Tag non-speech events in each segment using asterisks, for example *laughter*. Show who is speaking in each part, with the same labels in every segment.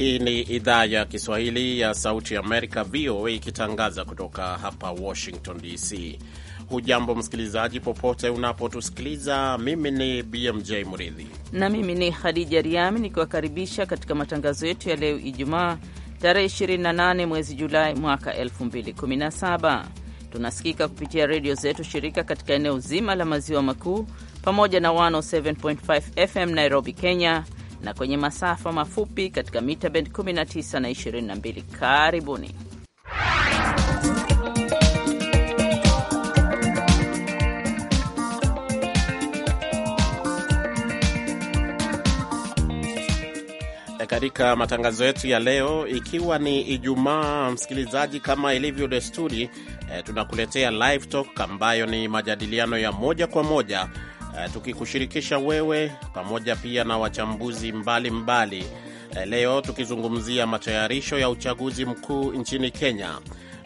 Speaker 1: Hii ni idhaa ya Kiswahili ya Sauti Amerika, VOA, ikitangaza kutoka hapa Washington DC. Hujambo msikilizaji, popote unapotusikiliza. Mimi ni BMJ Mridhi
Speaker 2: na mimi ni Khadija Riami, nikiwakaribisha katika matangazo yetu ya leo Ijumaa tarehe 28 mwezi Julai mwaka 2017. Tunasikika kupitia redio zetu shirika katika eneo zima la maziwa makuu pamoja na 107.5 FM Nairobi, Kenya, na kwenye masafa mafupi katika mita bend 19 na 22. Karibuni.
Speaker 1: E, katika matangazo yetu ya leo, ikiwa ni Ijumaa, msikilizaji, kama ilivyo desturi eh, tunakuletea live talk ambayo ni majadiliano ya moja kwa moja uh, tukikushirikisha wewe pamoja pia na wachambuzi mbalimbali mbali. Uh, eh, leo tukizungumzia matayarisho ya uchaguzi mkuu nchini Kenya.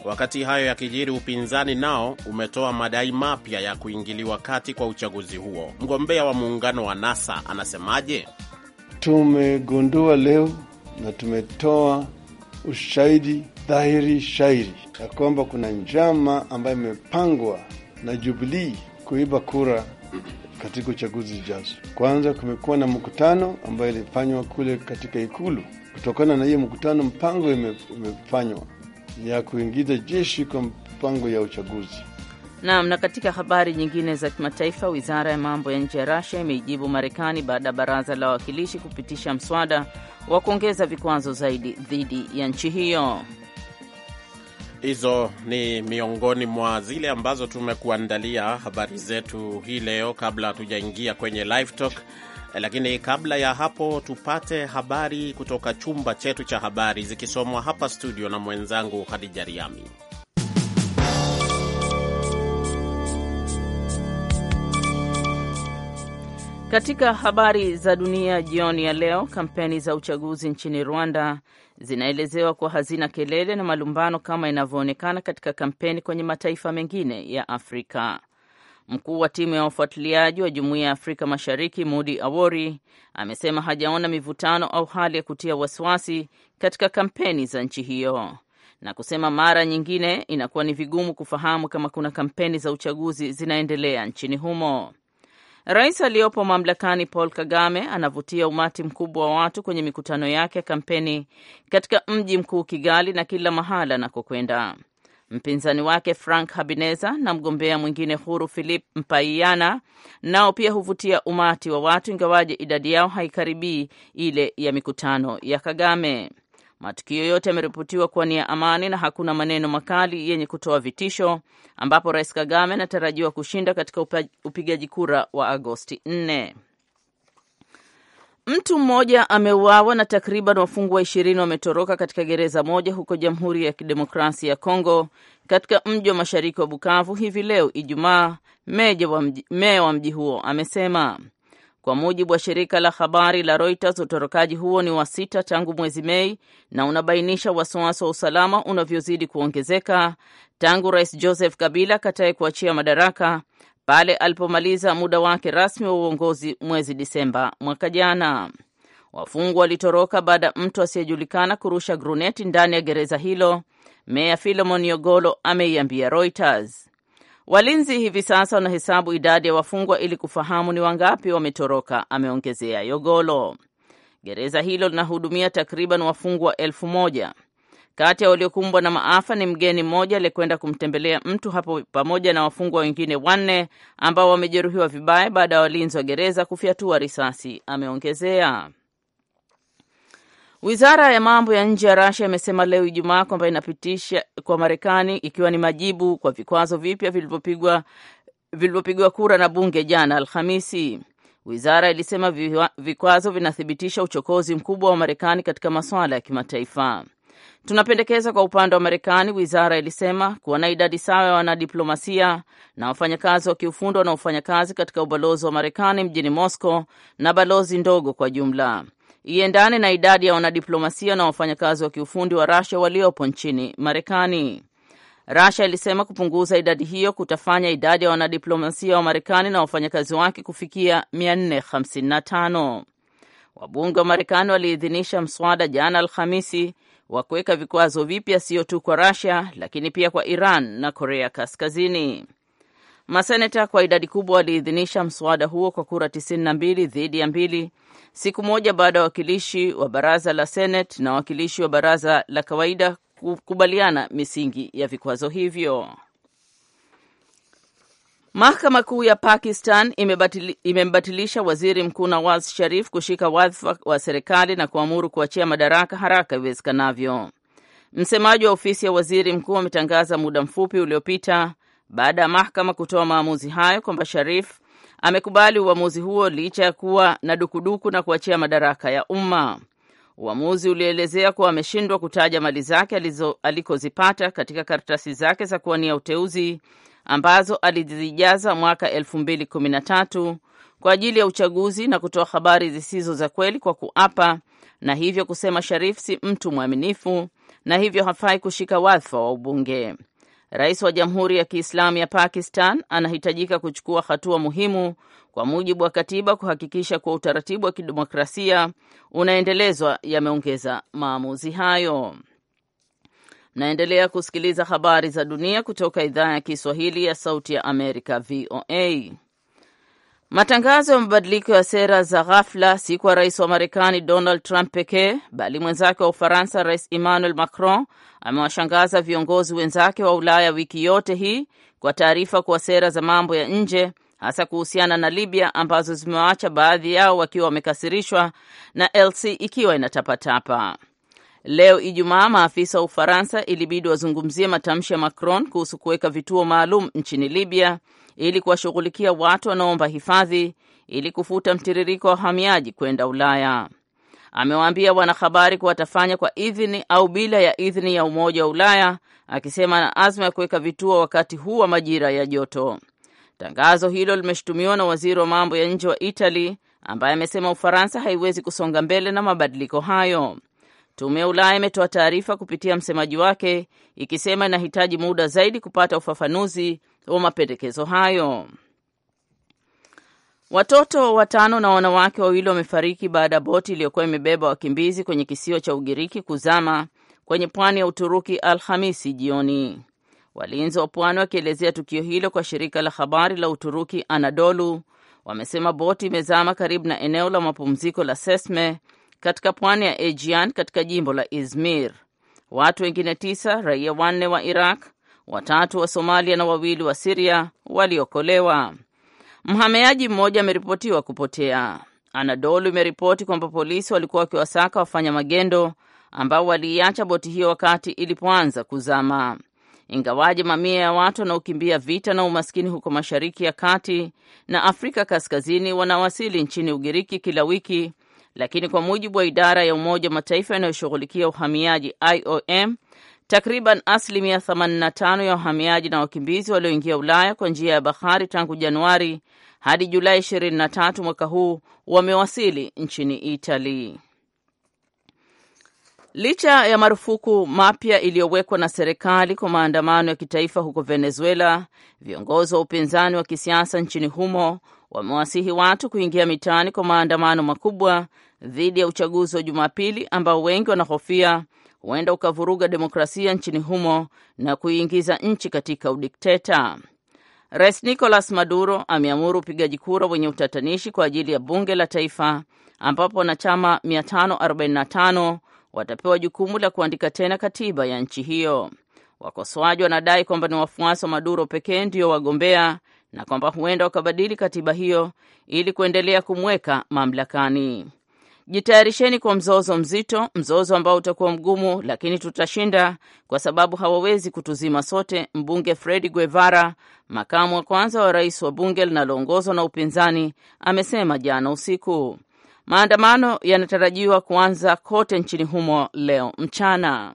Speaker 1: Wakati hayo yakijiri, upinzani nao umetoa madai mapya ya kuingiliwa kati kwa uchaguzi huo. Mgombea wa muungano wa NASA anasemaje?
Speaker 3: Tumegundua leo na tumetoa ushahidi dhahiri shairi ya kwamba kuna njama ambayo imepangwa na Jubilii kuiba kura katika uchaguzi zijazo. Kwanza kumekuwa na mkutano ambayo ilifanywa kule katika Ikulu. Kutokana na hiyo mkutano, mpango imefanywa ya kuingiza jeshi kwa mpango ya uchaguzi.
Speaker 2: Naam. Na katika habari nyingine za kimataifa, wizara ya mambo ya nje ya rasia imeijibu Marekani baada ya baraza la wawakilishi kupitisha mswada wa kuongeza vikwazo zaidi dhidi ya nchi
Speaker 1: hiyo. Hizo ni miongoni mwa zile ambazo tumekuandalia habari zetu hii leo, kabla hatujaingia kwenye live talk. Lakini kabla ya hapo, tupate habari kutoka chumba chetu cha habari zikisomwa hapa studio na mwenzangu Khadija Riami.
Speaker 2: Katika habari za dunia jioni ya leo, kampeni za uchaguzi nchini Rwanda zinaelezewa kuwa hazina kelele na malumbano kama inavyoonekana katika kampeni kwenye mataifa mengine ya Afrika. Mkuu wa timu ya wafuatiliaji wa Jumuiya ya Afrika Mashariki Mudi Awori amesema hajaona mivutano au hali ya kutia wasiwasi katika kampeni za nchi hiyo na kusema mara nyingine inakuwa ni vigumu kufahamu kama kuna kampeni za uchaguzi zinaendelea nchini humo. Rais aliyopo mamlakani Paul Kagame anavutia umati mkubwa wa watu kwenye mikutano yake ya kampeni katika mji mkuu Kigali na kila mahala anakokwenda. Mpinzani wake Frank Habineza na mgombea mwingine huru Philip Mpayana nao pia huvutia umati wa watu, ingawaje idadi yao haikaribii ile ya mikutano ya Kagame. Matukio yote yameripotiwa kuwa ni ya amani na hakuna maneno makali yenye kutoa vitisho, ambapo Rais Kagame anatarajiwa kushinda katika upigaji kura wa Agosti 4. Mtu mmoja ameuawa na takriban wafungwa ishirini wametoroka katika gereza moja huko Jamhuri ya Kidemokrasia ya Kongo katika mji wa mashariki wa Bukavu hivi leo Ijumaa, meya wa mji huo amesema. Kwa mujibu wa shirika la habari la Reuters, utorokaji huo ni wa sita tangu mwezi Mei na unabainisha wasiwasi wa usalama unavyozidi kuongezeka tangu Rais Joseph Kabila katae kuachia madaraka pale alipomaliza muda wake rasmi wa uongozi mwezi Disemba mwaka jana. Wafungwa walitoroka baada ya mtu asiyejulikana kurusha gruneti ndani ya gereza hilo, Meya Philemon Yogolo ameiambia Reuters. Walinzi hivi sasa wanahesabu idadi ya wafungwa ili kufahamu ni wangapi wametoroka, ameongezea Yogolo. Gereza hilo linahudumia takriban wafungwa elfu moja. Kati ya waliokumbwa na maafa ni mgeni mmoja aliyekwenda kumtembelea mtu hapo pamoja na wafungwa wengine wanne ambao wamejeruhiwa vibaya baada ya walinzi wa gereza kufyatua risasi, ameongezea. Wizara ya mambo ya nje ya Russia imesema leo Ijumaa kwamba inapitisha kwa Marekani ikiwa ni majibu kwa vikwazo vipya vilivyopigwa vilivyopigwa kura na bunge jana Alhamisi. Wizara ilisema vikwazo vinathibitisha uchokozi mkubwa wa Marekani katika masuala ya kimataifa. Tunapendekeza kwa upande wa Marekani, wizara ilisema, kuwa na idadi sawa ya wanadiplomasia na wafanyakazi wa kiufundi wanaofanya kazi katika ubalozi wa Marekani mjini Moscow na balozi ndogo kwa jumla iendane na idadi ya wanadiplomasia na wafanyakazi wa kiufundi wa rasia waliopo nchini Marekani. rasha ilisema kupunguza idadi hiyo kutafanya idadi ya wanadiplomasia wa Marekani na wafanyakazi wake kufikia 455. Wabunge wa Marekani waliidhinisha mswada jana Alhamisi wa kuweka vikwazo vipya sio tu kwa rasia lakini pia kwa Iran na Korea Kaskazini. Maseneta kwa idadi kubwa waliidhinisha mswada huo kwa kura 92 dhidi ya mbili siku moja baada ya wawakilishi wa baraza la Senate na wawakilishi wa baraza la kawaida kukubaliana misingi ya vikwazo hivyo. Mahakama Kuu ya Pakistan imembatilisha waziri mkuu Nawaz Sharif kushika wadhifa wa serikali na kuamuru kuachia madaraka haraka iwezekanavyo. Msemaji wa ofisi ya waziri mkuu ametangaza muda mfupi uliopita baada ya mahakama kutoa maamuzi hayo kwamba Sharif amekubali uamuzi huo licha ya kuwa na dukuduku na kuachia madaraka ya umma. Uamuzi ulielezea kuwa ameshindwa kutaja mali zake alikozipata katika karatasi zake za kuwania uteuzi ambazo alizijaza mwaka elfu mbili kumi na tatu kwa ajili ya uchaguzi na kutoa habari zisizo za kweli kwa kuapa na hivyo kusema Sharif si mtu mwaminifu na hivyo hafai kushika wadhifa wa ubunge. Rais wa Jamhuri ya Kiislamu ya Pakistan anahitajika kuchukua hatua muhimu kwa mujibu wa katiba kuhakikisha kuwa utaratibu wa kidemokrasia unaendelezwa, yameongeza maamuzi hayo. Naendelea kusikiliza habari za dunia kutoka idhaa ya Kiswahili ya Sauti ya Amerika, VOA. Matangazo ya mabadiliko ya sera za ghafla si kwa rais wa Marekani Donald Trump pekee, bali mwenzake wa Ufaransa Rais Emmanuel Macron amewashangaza viongozi wenzake wa Ulaya wiki yote hii kwa taarifa kuwa sera za mambo ya nje hasa kuhusiana na Libya ambazo zimewaacha baadhi yao wakiwa wamekasirishwa na LC ikiwa inatapatapa. Leo Ijumaa, maafisa wa Ufaransa ilibidi wazungumzie matamshi ya Macron kuhusu kuweka vituo maalum nchini Libya ili kuwashughulikia watu wanaoomba hifadhi ili kufuta mtiririko wa wahamiaji kwenda Ulaya. Amewaambia wanahabari kuwa watafanya kwa idhini au bila ya idhini ya Umoja wa Ulaya, akisema ana azma ya kuweka vituo wakati huu wa majira ya joto. Tangazo hilo limeshutumiwa na waziri wa mambo ya nje wa Italy ambaye amesema Ufaransa haiwezi kusonga mbele na mabadiliko hayo. Tume ya Ulaya imetoa taarifa kupitia msemaji wake ikisema inahitaji muda zaidi kupata ufafanuzi wa mapendekezo hayo. Watoto watano na wanawake wawili wamefariki baada ya boti iliyokuwa imebeba wakimbizi kwenye kisiwa cha Ugiriki kuzama kwenye pwani ya Uturuki Alhamisi jioni. Walinzi wa pwani wakielezea tukio hilo kwa shirika la habari la Uturuki Anadolu wamesema boti imezama karibu na eneo la mapumziko la Sesme katika pwani ya Aegean katika jimbo la Izmir. Watu wengine tisa, raia wanne wa Iraq, watatu wa Somalia na wawili wa Siria waliokolewa. Mhamiaji mmoja ameripotiwa kupotea. Anadolu imeripoti kwamba polisi walikuwa wakiwasaka wafanya magendo ambao waliiacha boti hiyo wakati ilipoanza kuzama. Ingawaje mamia ya watu wanaokimbia vita na umaskini huko Mashariki ya Kati na Afrika Kaskazini wanawasili nchini Ugiriki kila wiki lakini kwa mujibu wa idara ya Umoja wa Mataifa inayoshughulikia uhamiaji IOM, takriban asilimia 85 ya wahamiaji na wakimbizi walioingia Ulaya kwa njia ya bahari tangu Januari hadi Julai 23 mwaka huu wamewasili nchini Italy. Licha ya marufuku mapya iliyowekwa na serikali kwa maandamano ya kitaifa huko Venezuela, viongozi wa upinzani wa kisiasa nchini humo wamewasihi watu kuingia mitaani kwa maandamano makubwa dhidi ya uchaguzi wa Jumapili ambao wengi wanahofia huenda ukavuruga demokrasia nchini humo na kuiingiza nchi katika udikteta. Rais Nicolas Maduro ameamuru upigaji kura wenye utatanishi kwa ajili ya bunge la taifa ambapo wanachama 545 watapewa jukumu la kuandika tena katiba ya nchi hiyo. Wakosoaji wanadai kwamba ni wafuasi wa Maduro pekee ndio wagombea na kwamba huenda wakabadili katiba hiyo ili kuendelea kumweka mamlakani. Jitayarisheni kwa mzozo mzito, mzozo ambao utakuwa mgumu, lakini tutashinda kwa sababu hawawezi kutuzima sote. Mbunge Fredi Guevara, makamu wa kwanza wa rais wa bunge linaloongozwa na upinzani, amesema jana usiku. Maandamano yanatarajiwa kuanza kote nchini humo leo mchana.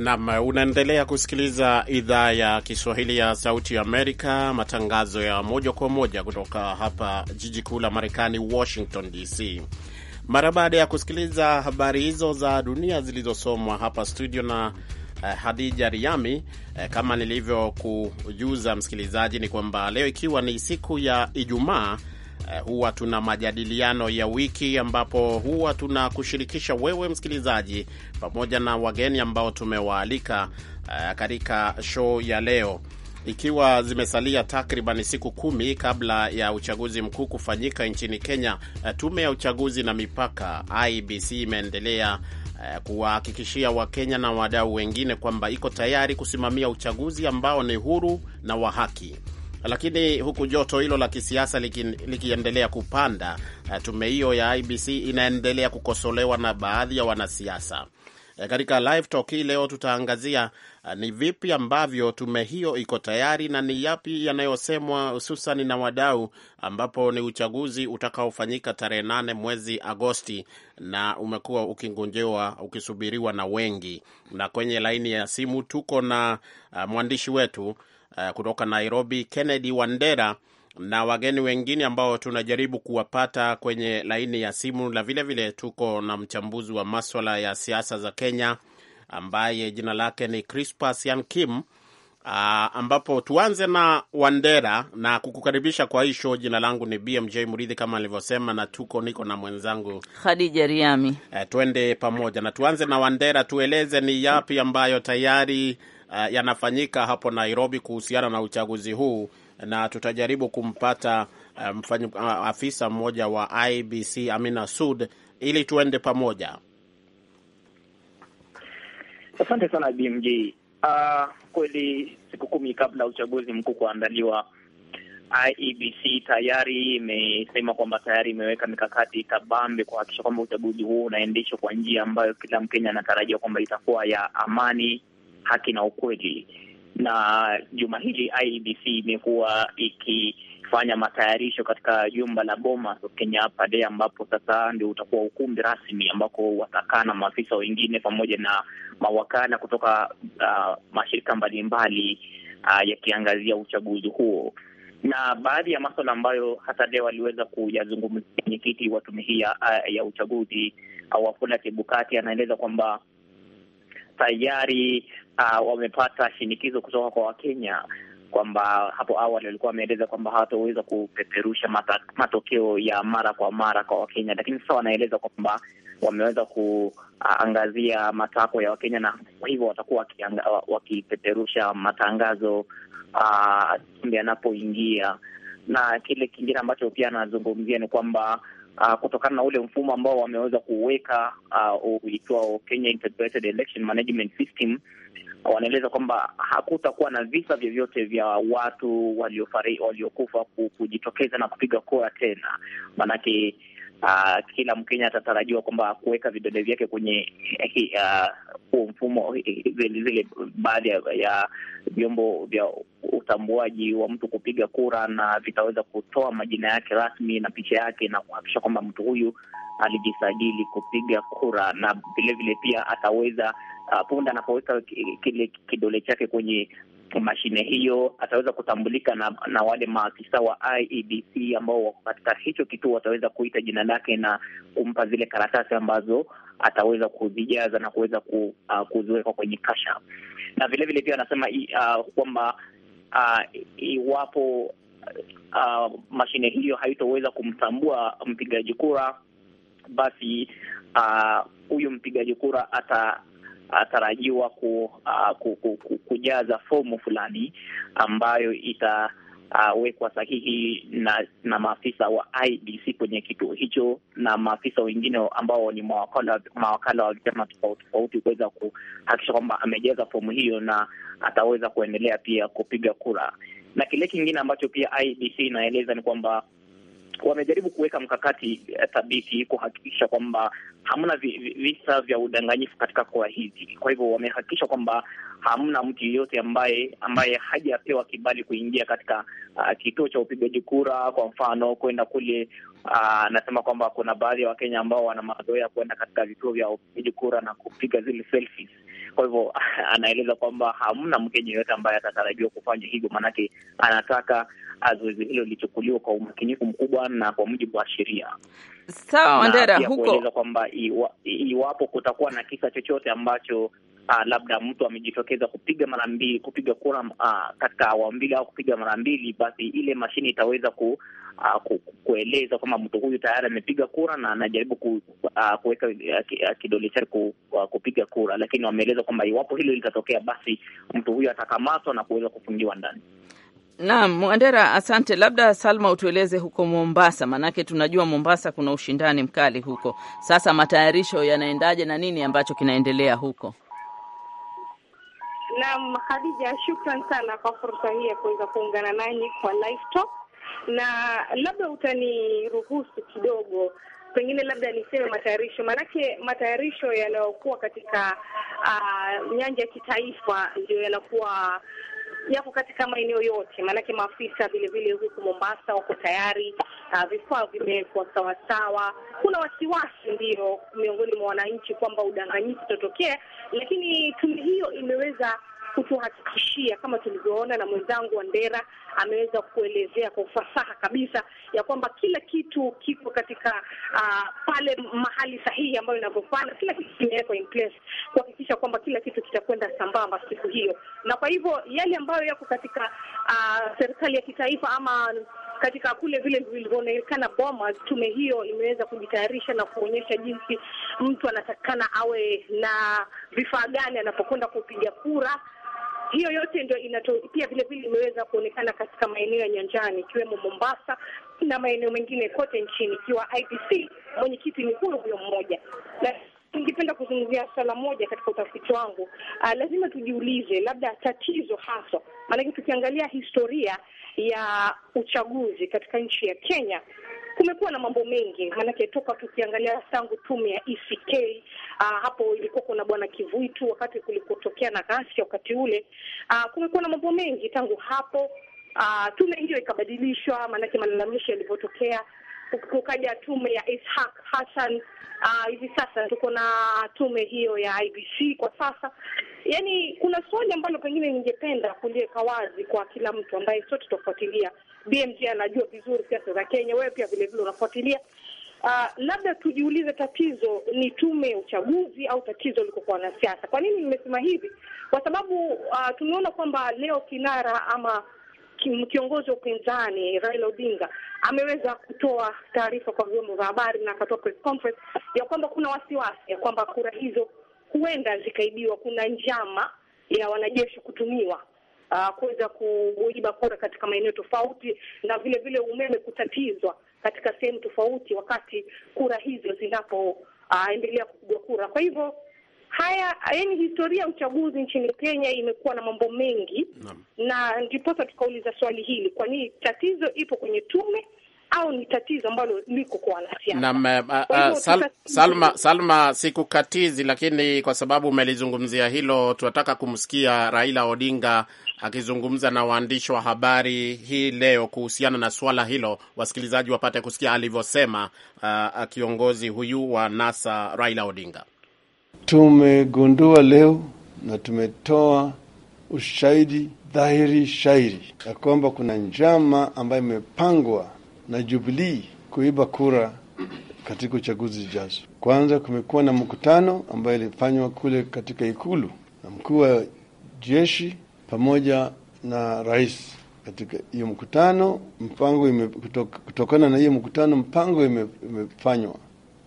Speaker 1: Nam, unaendelea kusikiliza idhaa ya Kiswahili ya Sauti ya Amerika, matangazo ya moja kwa moja kutoka hapa jiji kuu la Marekani, Washington DC. Mara baada ya kusikiliza habari hizo za dunia zilizosomwa hapa studio na eh, Hadija Riami. Eh, kama nilivyokujuza msikilizaji, ni kwamba leo ikiwa ni siku ya Ijumaa Eh, huwa tuna majadiliano ya wiki ambapo huwa tunakushirikisha wewe msikilizaji pamoja na wageni ambao tumewaalika uh, katika show ya leo, ikiwa zimesalia takriban siku kumi kabla ya uchaguzi mkuu kufanyika nchini Kenya. Uh, tume ya uchaguzi na mipaka IBC imeendelea uh, kuwahakikishia Wakenya na wadau wengine kwamba iko tayari kusimamia uchaguzi ambao ni huru na wa haki. Lakini huku joto hilo la kisiasa likiendelea liki kupanda, eh, tume hiyo ya IBC inaendelea kukosolewa na baadhi ya wanasiasa. Eh, katika live talk hii leo tutaangazia eh, ni vipi ambavyo tume hiyo iko tayari na ni yapi yanayosemwa hususan na wadau, ambapo ni uchaguzi utakaofanyika tarehe nane mwezi Agosti na umekuwa ukingonjewa ukisubiriwa na wengi. Na kwenye laini ya simu tuko na uh, mwandishi wetu uh, kutoka Nairobi, Kennedy Wandera na wageni wengine ambao tunajaribu kuwapata kwenye laini ya simu, na vilevile tuko na mchambuzi wa maswala ya siasa za Kenya ambaye jina lake ni Crispas Yan Kim. Uh, ambapo tuanze na Wandera na kukukaribisha kwa hii show. Jina langu ni BMJ Muridhi kama alivyosema, na tuko niko na mwenzangu Khadija Riami. Uh, twende pamoja na tuanze na Wandera, tueleze ni yapi ambayo tayari uh, yanafanyika hapo Nairobi kuhusiana na uchaguzi huu, na tutajaribu kumpata uh, mfanyi, uh, afisa mmoja wa IBC Amina Sud ili tuende pamoja. Asante
Speaker 4: sana BMJ. Uh, kweli siku kumi kabla uchaguzi mkuu kuandaliwa, IEBC tayari imesema kwamba tayari imeweka mikakati kabambe kuhakikisha kwamba uchaguzi huu unaendeshwa kwa njia ambayo kila Mkenya anatarajia kwamba itakuwa ya amani haki na ukweli. Na juma hili ibc imekuwa ikifanya matayarisho katika jumba la boma Kenya hapa de, ambapo sasa ndio utakuwa ukumbi rasmi ambako watakaa na maafisa wengine pamoja na mawakala kutoka uh, mashirika mbalimbali uh, yakiangazia uchaguzi huo na baadhi ya maswala ambayo hata leo aliweza kuyazungumzia mwenyekiti wa tume hii ya uh, uchaguzi uh, Wafula Chebukati, anaeleza kwamba tayari uh, wamepata shinikizo kutoka kwa Wakenya kwamba hapo awali walikuwa wameeleza kwamba hawataweza kupeperusha mata, matokeo ya mara kwa mara kwa Wakenya, lakini sasa wanaeleza kwamba wameweza kuangazia matakwa ya Wakenya na kwa hivyo watakuwa wakipeperusha matangazo uh, anapoingia na kile kingine ambacho pia anazungumzia ni kwamba uh, kutokana na ule mfumo ambao wameweza kuweka uitwao uh, Kenya Integrated Election Management System. Wanaeleza kwamba hakutakuwa na visa vyovyote vya watu waliofariki, waliokufa kujitokeza na kupiga kura tena, maanake uh, kila Mkenya atatarajiwa kwamba kuweka vidole vyake kwenye eh, ah, huo uh, mfumo zile baadhi ya vyombo vya utambuaji wa mtu kupiga kura, na vitaweza kutoa majina yake rasmi na picha yake na kuhakikisha kwamba mtu huyu alijisajili kupiga kura, na vilevile pia ataweza uh, punda anapoweka kile kidole chake kwenye mashine hiyo ataweza kutambulika na, na wale maafisa wa IEBC ambao wako katika hicho kituo wataweza kuita jina lake na kumpa zile karatasi ambazo ataweza kuzijaza na kuweza ku, uh, kuziweka kwenye kasha. Na vilevile pia anasema uh, kwamba uh, iwapo uh, mashine hiyo haitoweza kumtambua mpigaji kura basi uh, huyu uh, mpigaji kura ata atarajiwa ku, uh, ku, ku, ku, kujaza fomu fulani ambayo ita Uh, sahihi na na maafisa wa IBC kwenye kituo hicho na maafisa wengine ambao ni mawakala, mawakala wa vyama tofauti tofauti kuweza kuhakikisha kwamba amejaza fomu hiyo na ataweza kuendelea pia kupiga kura. Na kile kingine ambacho pia IBC inaeleza ni kwamba wamejaribu kuweka mkakati eh, thabiti kuhakikisha kwamba hamna visa vya udanganyifu katika koa hizi. Kwa hivyo wamehakikisha kwamba hamna mtu yeyote ambaye ambaye hajapewa kibali kuingia katika uh, kituo cha upigaji kura. Kwa mfano kwenda kule, anasema uh, kwamba kuna baadhi ya Wakenya ambao wana mazoea kuenda katika vituo vya upigaji kura na kupiga zile selfies. Kwa hivyo *laughs* anaeleza kwamba hamna Mkenya yeyote ambaye atatarajiwa kufanya hivyo, maanake anataka zoezi hilo lilichukuliwa kwa umakinifu mkubwa na kwa mujibu wa sheria.
Speaker 2: Sawa, Wandera, huko kueleza
Speaker 4: kwamba iwapo kutakuwa na kisa chochote ambacho uh, labda mtu amejitokeza kupiga mara mbili, kupiga kura uh, katika awamu mbili au kupiga mara mbili, basi ile mashine itaweza ku, uh, ku, kueleza kwamba mtu huyu tayari amepiga kura na anajaribu ku, uh, kuweka uh, kidole chake ku, uh, kupiga kura, lakini wameeleza kwamba iwapo hilo litatokea, basi mtu huyu atakamatwa na kuweza kufungiwa ndani.
Speaker 2: Naam, mwandera asante. Labda Salma, utueleze huko Mombasa, maanake tunajua Mombasa kuna ushindani mkali huko. Sasa matayarisho yanaendaje na nini ambacho kinaendelea huko?
Speaker 5: Naam, Khadija, shukran sana kwa fursa hii ya kuweza kuungana nanyi kwa live talk, na labda utaniruhusu kidogo pengine labda niseme matayarisho, maanake matayarisho yanayokuwa katika uh, nyanja ya kitaifa ndio yanakuwa yako katika maeneo yote, maanake maafisa vilevile huku Mombasa wako tayari, uh, vifaa vimewekwa sawasawa. Kuna wasiwasi ndio miongoni mwa wananchi kwamba udanganyifu utatokea, lakini tume hiyo imeweza kutuhakikishia kama tulivyoona, na mwenzangu Wandera ameweza kuelezea kwa ufasaha kabisa ya kwamba kila kitu kiko katika uh, pale mahali sahihi ambayo inavyofana, kila kitu kimewekwa in place kuhakikisha kwamba kila kitu kitakwenda sambamba siku hiyo, na kwa hivyo yale ambayo yako katika uh, serikali ya kitaifa ama katika kule vile vilivyoonekana Bomas, tume hiyo imeweza kujitayarisha na kuonyesha jinsi mtu anatakikana awe na vifaa gani anapokwenda kupiga kura hiyo yote ndio inato, pia vile vile imeweza kuonekana katika maeneo ya nyanjani ikiwemo Mombasa na maeneo mengine kote nchini, ikiwa IBC mwenyekiti ni huyo huyo mmoja na ningependa kuzungumzia swala moja katika utafiti wangu. Uh, lazima tujiulize labda tatizo haswa, maanake tukiangalia historia ya uchaguzi katika nchi ya Kenya kumekuwa na mambo mengi, maanake toka tukiangalia tangu tume ya ECK uh, ah, hapo ilikuwa kuna bwana Kivuitu wakati kulikotokea na ghasia wakati ule uh, kumekuwa na mambo mengi tangu hapo. Uh, tume hiyo ikabadilishwa, maanake malalamisho yalivyotokea kukaja tume ya ishak Hassan. Uh, hivi sasa tuko na tume hiyo ya IBC kwa sasa. Yani, kuna swali ambalo pengine ningependa kuliweka wazi kwa kila mtu ambaye sote tutafuatilia BMJ anajua vizuri siasa za Kenya, wewe pia vilevile unafuatilia. Uh, labda tujiulize tatizo ni tume ya uchaguzi au tatizo liko kwa wanasiasa? Kwa nini nimesema hivi? Kwa sababu uh, tumeona kwamba leo kinara ama kiongozi wa upinzani Raila Odinga ameweza kutoa taarifa kwa vyombo vya habari na akatoa press conference ya kwamba kuna wasiwasi ya kwamba kura hizo huenda zikaibiwa, kuna njama ya wanajeshi kutumiwa uh, kuweza kuiba kura katika maeneo tofauti, na vile vile umeme kutatizwa katika sehemu tofauti wakati kura hizo zinapoendelea uh, kupigwa kura. Kwa hivyo haya, yaani historia ya uchaguzi nchini Kenya imekuwa na mambo mengi na ndiposa tukauliza swali hili, nini tatizo ipo kwenye tume au ni tatizo ambalo liko kwa wanasiasa. Uh, sal, Salma,
Speaker 1: Salma sikukatizi, lakini kwa sababu umelizungumzia hilo, tunataka kumsikia Raila Odinga akizungumza na waandishi wa habari hii leo kuhusiana na swala hilo, wasikilizaji wapate kusikia alivyosema uh, uh, kiongozi huyu wa NASA Raila Odinga.
Speaker 3: Tumegundua leo na tumetoa ushahidi dhahiri shahiri ya kwamba kuna njama ambayo imepangwa na Jubilii kuiba kura katika uchaguzi zijazo. Kwanza kumekuwa na mkutano ambayo ilifanywa kule katika Ikulu na mkuu wa jeshi pamoja na rais katika hiyo mkutano mpango ime, kutok, kutokana na hiyo mkutano mpango ime, imefanywa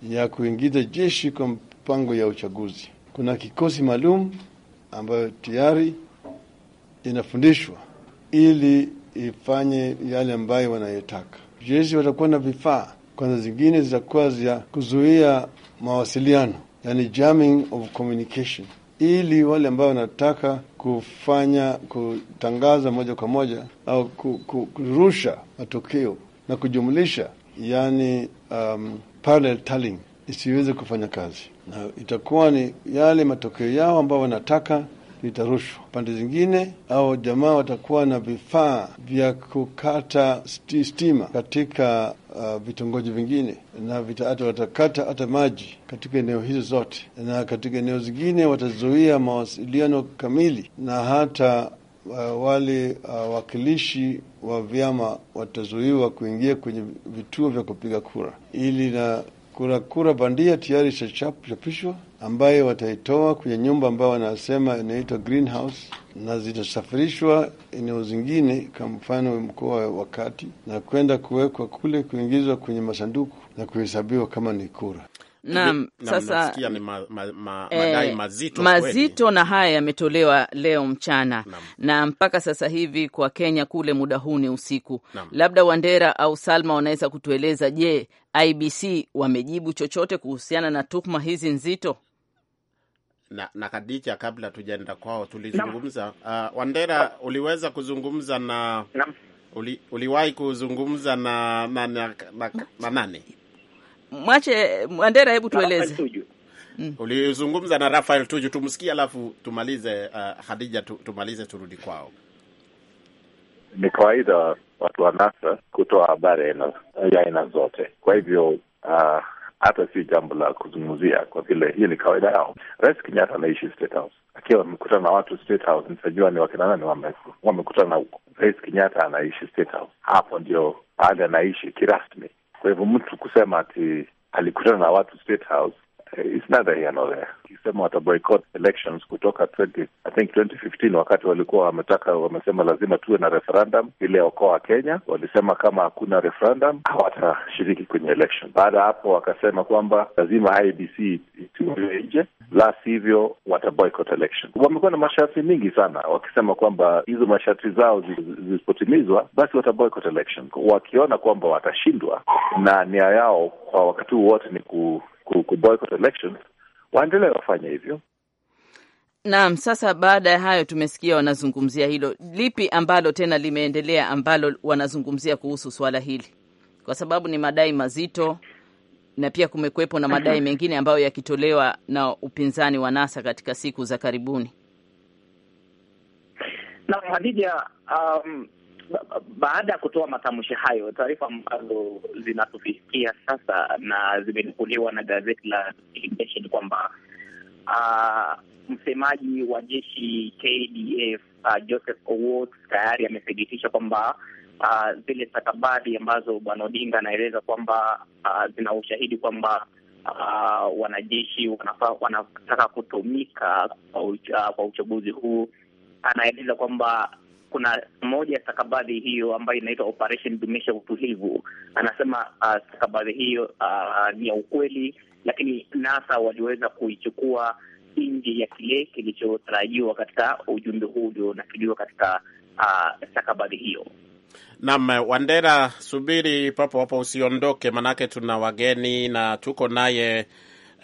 Speaker 3: ya kuingiza jeshi kwa mpango ya uchaguzi. Kuna kikosi maalum ambayo tayari inafundishwa ili ifanye yale ambayo wanayotaka. Jeshi watakuwa na vifaa kwanza, zingine zitakuwa za kuzuia mawasiliano, yani jamming of communication ili wale ambao wanataka kufanya kutangaza moja kwa moja au kurusha matokeo na kujumlisha, yani um, parallel tallying isiweze kufanya kazi, na itakuwa ni yale matokeo yao ambao wanataka litarushwa. Pande zingine au jamaa watakuwa na vifaa vya kukata stima katika uh, vitongoji vingine, na hata watakata hata maji katika eneo hizo zote, na katika eneo zingine watazuia mawasiliano kamili na hata Uh, wale wawakilishi uh, wa vyama watazuiwa kuingia kwenye vituo vya kupiga kura, ili na kuna kura bandia tayari itachapishwa ambayo wataitoa kwenye nyumba ambayo wanasema inaitwa greenhouse, na zitasafirishwa eneo zingine, kwa mfano mkoa wa Kati, na kwenda kuwekwa kule, kuingizwa kwenye masanduku na kuhesabiwa kama ni kura.
Speaker 2: Naam, sasa na
Speaker 1: ni ma, ma, ma, eh, madai mazito, mazito
Speaker 2: na haya yametolewa leo mchana na, na mpaka sasa hivi kwa Kenya kule muda huu ni usiku na. Labda Wandera au Salma wanaweza kutueleza, je, IBC wamejibu chochote kuhusiana na tuhuma hizi nzito?
Speaker 1: na, na Kadicha, kabla tujaenda kwao tulizungumza uh, Wandera uliweza kuzungumza na, na. Uli, uliwahi kuzungumza na, na, na, na, na nani mwache Wandera, hebu tueleze. Mm. Ulizungumza na Rafael Tuju, tumsikie alafu tumalize. Uh, Hadija, tumalize turudi kwao.
Speaker 6: Ni kawaida watu wa NASA kutoa habari ya aina zote, kwa hivyo uh, hata si jambo la kuzungumzia kwa vile hii ni kawaida yao. Rais Kenyatta anaishi State House, akiwa wamekutana na watu State House, nitajua ni wakina nani wamekutana huko. Rais Kenyatta anaishi State House, hapo ndio pale anaishi kirasmi. Kwa hivyo mtu kusema ati alikutana na watu State House It's neither here nor there. Ukisema wata boycott elections kutoka 20, I think 2015 wakati walikuwa wametaka, wamesema lazima tuwe na referendum ile okoa Kenya. Walisema kama hakuna referendum hawatashiriki kwenye election. Baada ya hapo wakasema kwamba lazima IBC e itiwe nje, la sivyo wata boycott election. Wamekuwa na masharti mingi sana, wakisema kwamba hizo masharti zao zisipotimizwa basi wata boycott election. Wakiona kwamba watashindwa na nia yao kwa wakati huu wote ni ku boycott elections, waendelee wafanye hivyo.
Speaker 2: Naam, sasa baada ya hayo tumesikia wanazungumzia hilo. Lipi ambalo tena limeendelea ambalo wanazungumzia kuhusu swala hili? Kwa sababu ni madai mazito na pia kumekuwepo na madai mhm. mengine ambayo yakitolewa na upinzani wa NASA katika siku za karibuni.
Speaker 4: Naam, Hadija, um, baada ya kutoa matamshi hayo, taarifa ambazo zinatufikia sasa na zimenukuliwa na gazeti la Nation kwamba uh, msemaji wa jeshi KDF uh, ah, Joseph Owot tayari amethibitisha kwamba uh, zile stakabadhi ambazo bwana Odinga anaeleza kwamba uh, zina ushahidi kwamba uh, wanajeshi wanafaa wanataka kutumika kwa, uh, kwa uchaguzi huu, anaeleza kwamba kuna moja ya stakabadhi hiyo ambayo inaitwa Operation Dumisha Utulivu. Anasema uh, stakabadhi hiyo uh, ni ya ukweli, lakini NASA waliweza kuichukua nje ya kile kilichotarajiwa katika ujumbe huu ulionakiliwa katika uh, stakabadhi hiyo.
Speaker 1: Naam, Wandera, subiri papo hapo, usiondoke, manake tuna wageni na tuko naye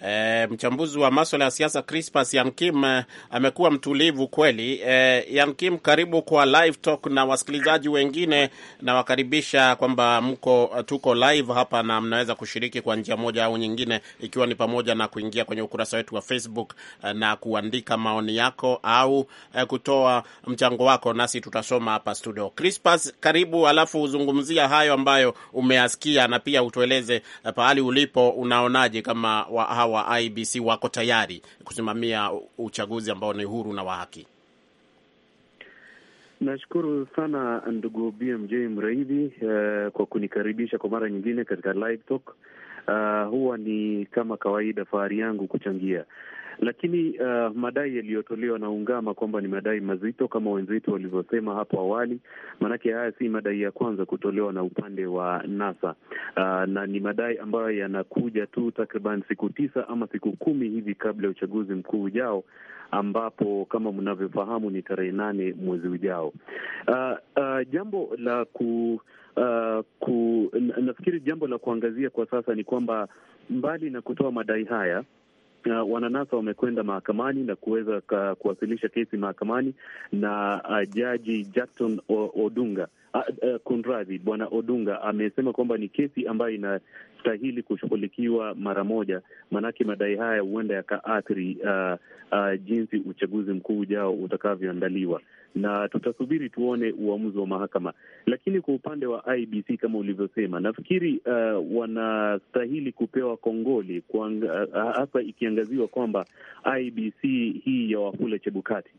Speaker 1: E, mchambuzi wa maswala ya siasa Crispas Yankim e, amekuwa mtulivu kweli. E, Yankim, karibu kwa live talk na wasikilizaji wengine, nawakaribisha kwamba mko tuko live hapa na mnaweza kushiriki kwa njia moja au nyingine, ikiwa ni pamoja na kuingia kwenye ukurasa wetu wa Facebook e, na kuandika maoni yako au e, kutoa mchango wako, nasi tutasoma hapa studio. Crispas, karibu, alafu uzungumzia hayo ambayo umeasikia na pia utueleze pahali ulipo, unaonaje kama wa wa IBC wako tayari kusimamia uchaguzi ambao ni huru na wa haki?
Speaker 6: Nashukuru sana ndugu BMJ Mraidhi uh, eh, kwa kunikaribisha kwa mara nyingine katika live talk. Uh, huwa ni kama kawaida fahari yangu kuchangia lakini uh, madai yaliyotolewa na Ungama kwamba ni madai mazito kama wenzetu walivyosema hapo awali, maanake haya si madai ya kwanza kutolewa na upande wa NASA uh, na ni madai ambayo yanakuja tu takriban siku tisa ama siku kumi hivi kabla ya uchaguzi mkuu ujao ambapo kama mnavyofahamu ni tarehe nane mwezi ujao. Uh, uh, jambo la ku, uh, ku nafikiri jambo la kuangazia kwa sasa ni kwamba mbali na kutoa madai haya uh, wananasa wamekwenda mahakamani na kuweza kuwasilisha kesi mahakamani na uh, jaji jackton Odunga uh, uh, kunradhi, bwana Odunga amesema kwamba ni kesi ambayo inastahili kushughulikiwa mara moja, maanake madai haya huenda yakaathiri uh, uh, jinsi uchaguzi mkuu ujao utakavyoandaliwa na tutasubiri tuone uamuzi wa mahakama. Lakini kwa upande wa IBC kama ulivyosema, nafikiri uh, wanastahili kupewa kongoli uh, uh, hasa ikiangaziwa kwamba IBC hii ya Wafula Chebukati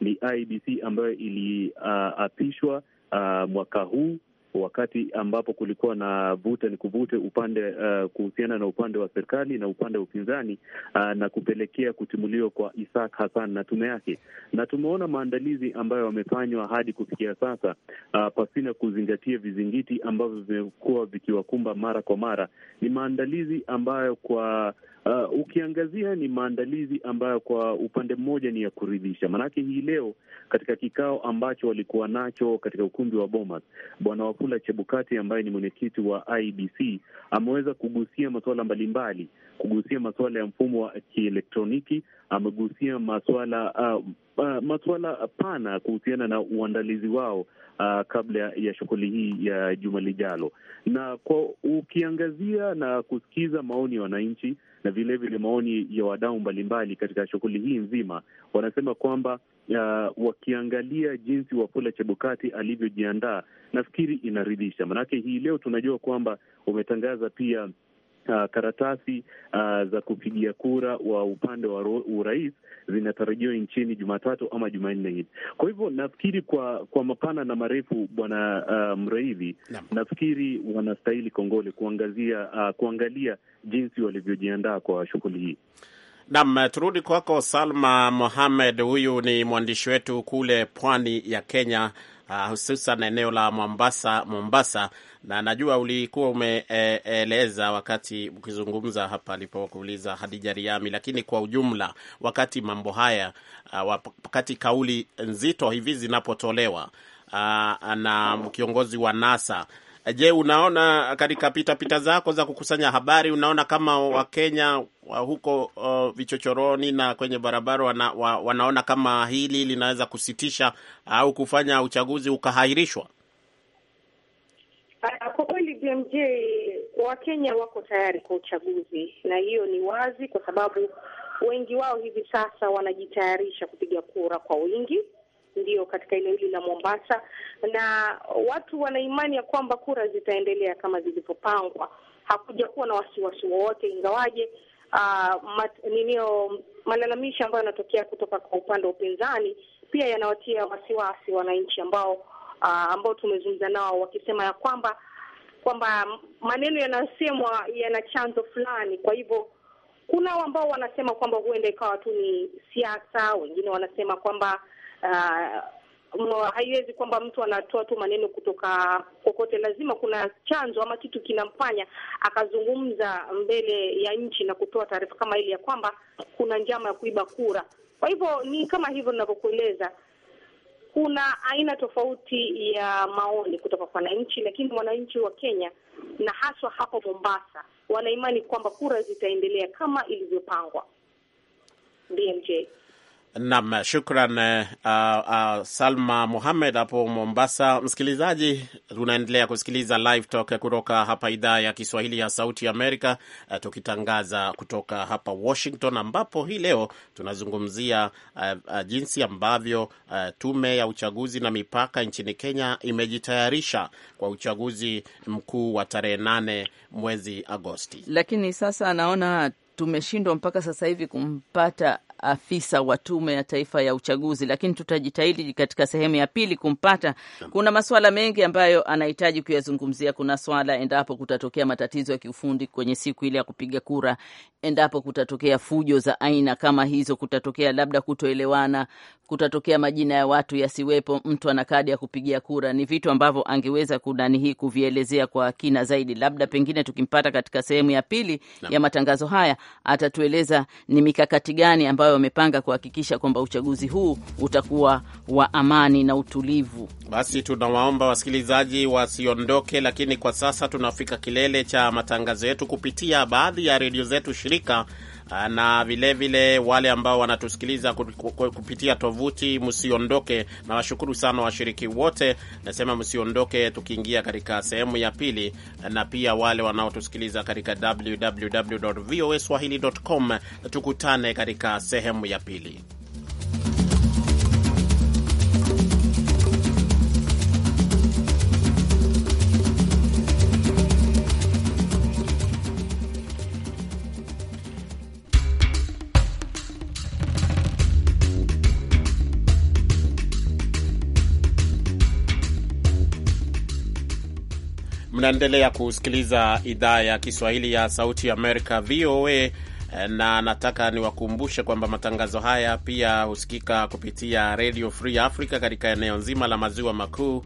Speaker 6: ni IBC ambayo iliapishwa uh, uh, mwaka huu wakati ambapo kulikuwa na vuta ni kuvute upande uh, kuhusiana na upande wa serikali na upande wa upinzani uh, na kupelekea kutimuliwa kwa Isaac Hassan na tume yake, na tumeona maandalizi ambayo wamefanywa hadi kufikia sasa uh, pasina kuzingatia vizingiti ambavyo vimekuwa vikiwakumba mara kwa mara. Ni maandalizi ambayo kwa Uh, ukiangazia ni maandalizi ambayo kwa upande mmoja ni ya kuridhisha, maanake hii leo katika kikao ambacho walikuwa nacho katika ukumbi wa Bomas, Bwana Wafula Chebukati ambaye ni mwenyekiti wa IBC ameweza kugusia masuala mbalimbali, kugusia masuala ya mfumo wa kielektroniki, amegusia masuala uh, Uh, masuala pana kuhusiana na uandalizi wao uh, kabla ya shughuli hii ya juma lijalo, na kwa ukiangazia na kusikiza maoni ya wananchi na vilevile maoni ya wadau mbalimbali katika shughuli hii nzima, wanasema kwamba uh, wakiangalia jinsi Wafula Chebukati alivyojiandaa, nafikiri inaridhisha. Maanake hii leo tunajua kwamba wametangaza pia Uh, karatasi uh, za kupigia kura wa upande wa urais zinatarajiwa nchini Jumatatu ama Jumanne hii. Kwa hivyo nafikiri kwa kwa mapana na marefu, bwana uh, ah, Mraidhi, nafikiri wanastahili kongole kuangazia uh, kuangalia jinsi walivyojiandaa kwa
Speaker 1: shughuli hii. Naam, turudi kwako Salma Mohamed. Huyu ni mwandishi wetu kule pwani ya Kenya uh, hususan eneo la Mombasa, Mombasa. Na najua ulikuwa umeeleza e, wakati ukizungumza hapa alipokuuliza Hadija Riami, lakini kwa ujumla, wakati mambo haya uh, wakati kauli nzito hivi zinapotolewa uh, na kiongozi wa NASA Je, unaona katika pitapita zako za kukusanya habari, unaona kama Wakenya wa huko uh, vichochoroni na kwenye barabara wana, wa, wanaona kama hili linaweza kusitisha au kufanya uchaguzi ukahairishwa?
Speaker 5: Ah, kwa kweli BMJ, Wakenya wako tayari kwa uchaguzi, na hiyo ni wazi, kwa sababu wengi wao hivi sasa wanajitayarisha kupiga kura kwa wingi ndio katika eneo hili la Mombasa, na watu wana imani ya kwamba kura zitaendelea kama zilivyopangwa. Hakuja kuwa na wasiwasi wowote, ingawaje uh, ah, ninio malalamishi ambayo yanatokea kutoka kwa upande wa upinzani pia yanawatia wasiwasi wananchi ambao uh, ambao tumezungumza nao wakisema ya kwamba kwamba maneno yanayosemwa yana chanzo fulani. Kwa hivyo kuna ambao wanasema kwamba huenda ikawa tu ni siasa, wengine wanasema kwamba uh, haiwezi kwamba mtu anatoa tu maneno kutoka kokote. Lazima kuna chanzo ama kitu kinamfanya akazungumza mbele ya nchi na kutoa taarifa kama ile ya kwamba kuna njama ya kuiba kura. Kwa hivyo ni kama hivyo ninavyokueleza, kuna aina tofauti ya maoni kutoka kwa wananchi, lakini wananchi wa Kenya na haswa hapa Mombasa wanaimani kwamba kura zitaendelea kama ilivyopangwa. BMJ
Speaker 1: Nam, shukran uh, uh, Salma Muhamed hapo Mombasa. Msikilizaji, tunaendelea kusikiliza Live Talk kutoka hapa idhaa ya Kiswahili ya Sauti Amerika, uh, tukitangaza kutoka hapa Washington, ambapo hii leo tunazungumzia uh, uh, jinsi ambavyo uh, tume ya uchaguzi na mipaka nchini Kenya imejitayarisha kwa uchaguzi mkuu wa tarehe nane mwezi Agosti,
Speaker 2: lakini sasa anaona tumeshindwa mpaka sasa hivi kumpata afisa wa Tume ya Taifa ya Uchaguzi, lakini tutajitahidi katika sehemu ya pili kumpata. Kuna masuala mengi ambayo anahitaji kuyazungumzia. Kuna swala endapo kutatokea matatizo ya kiufundi kwenye siku ile ya kupiga kura, endapo kutatokea fujo za aina kama hizo, kutatokea labda kutoelewana, kutatokea majina ya watu yasiwepo, mtu ana kadi ya kupigia kura, ni vitu ambavyo angeweza kunani hii kuvielezea kwa kina zaidi. Labda pengine tukimpata katika sehemu ya pili na ya matangazo haya atatueleza ni mikakati gani ambayo wamepanga kuhakikisha kwamba uchaguzi huu utakuwa wa amani na utulivu.
Speaker 1: Basi tunawaomba wasikilizaji wasiondoke, lakini kwa sasa tunafika kilele cha matangazo yetu kupitia baadhi ya redio zetu shirika Ah, na vilevile vile wale ambao wanatusikiliza kupitia tovuti, msiondoke. Na washukuru sana washiriki wote, nasema msiondoke, tukiingia katika sehemu ya pili, na pia wale wanaotusikiliza katika www tukutane katika sehemu ya pili. Mnaendelea kusikiliza idhaa ya Kiswahili ya Sauti ya Amerika, VOA, na nataka niwakumbushe kwamba matangazo haya pia husikika kupitia Radio Free Africa katika eneo nzima la maziwa makuu, uh,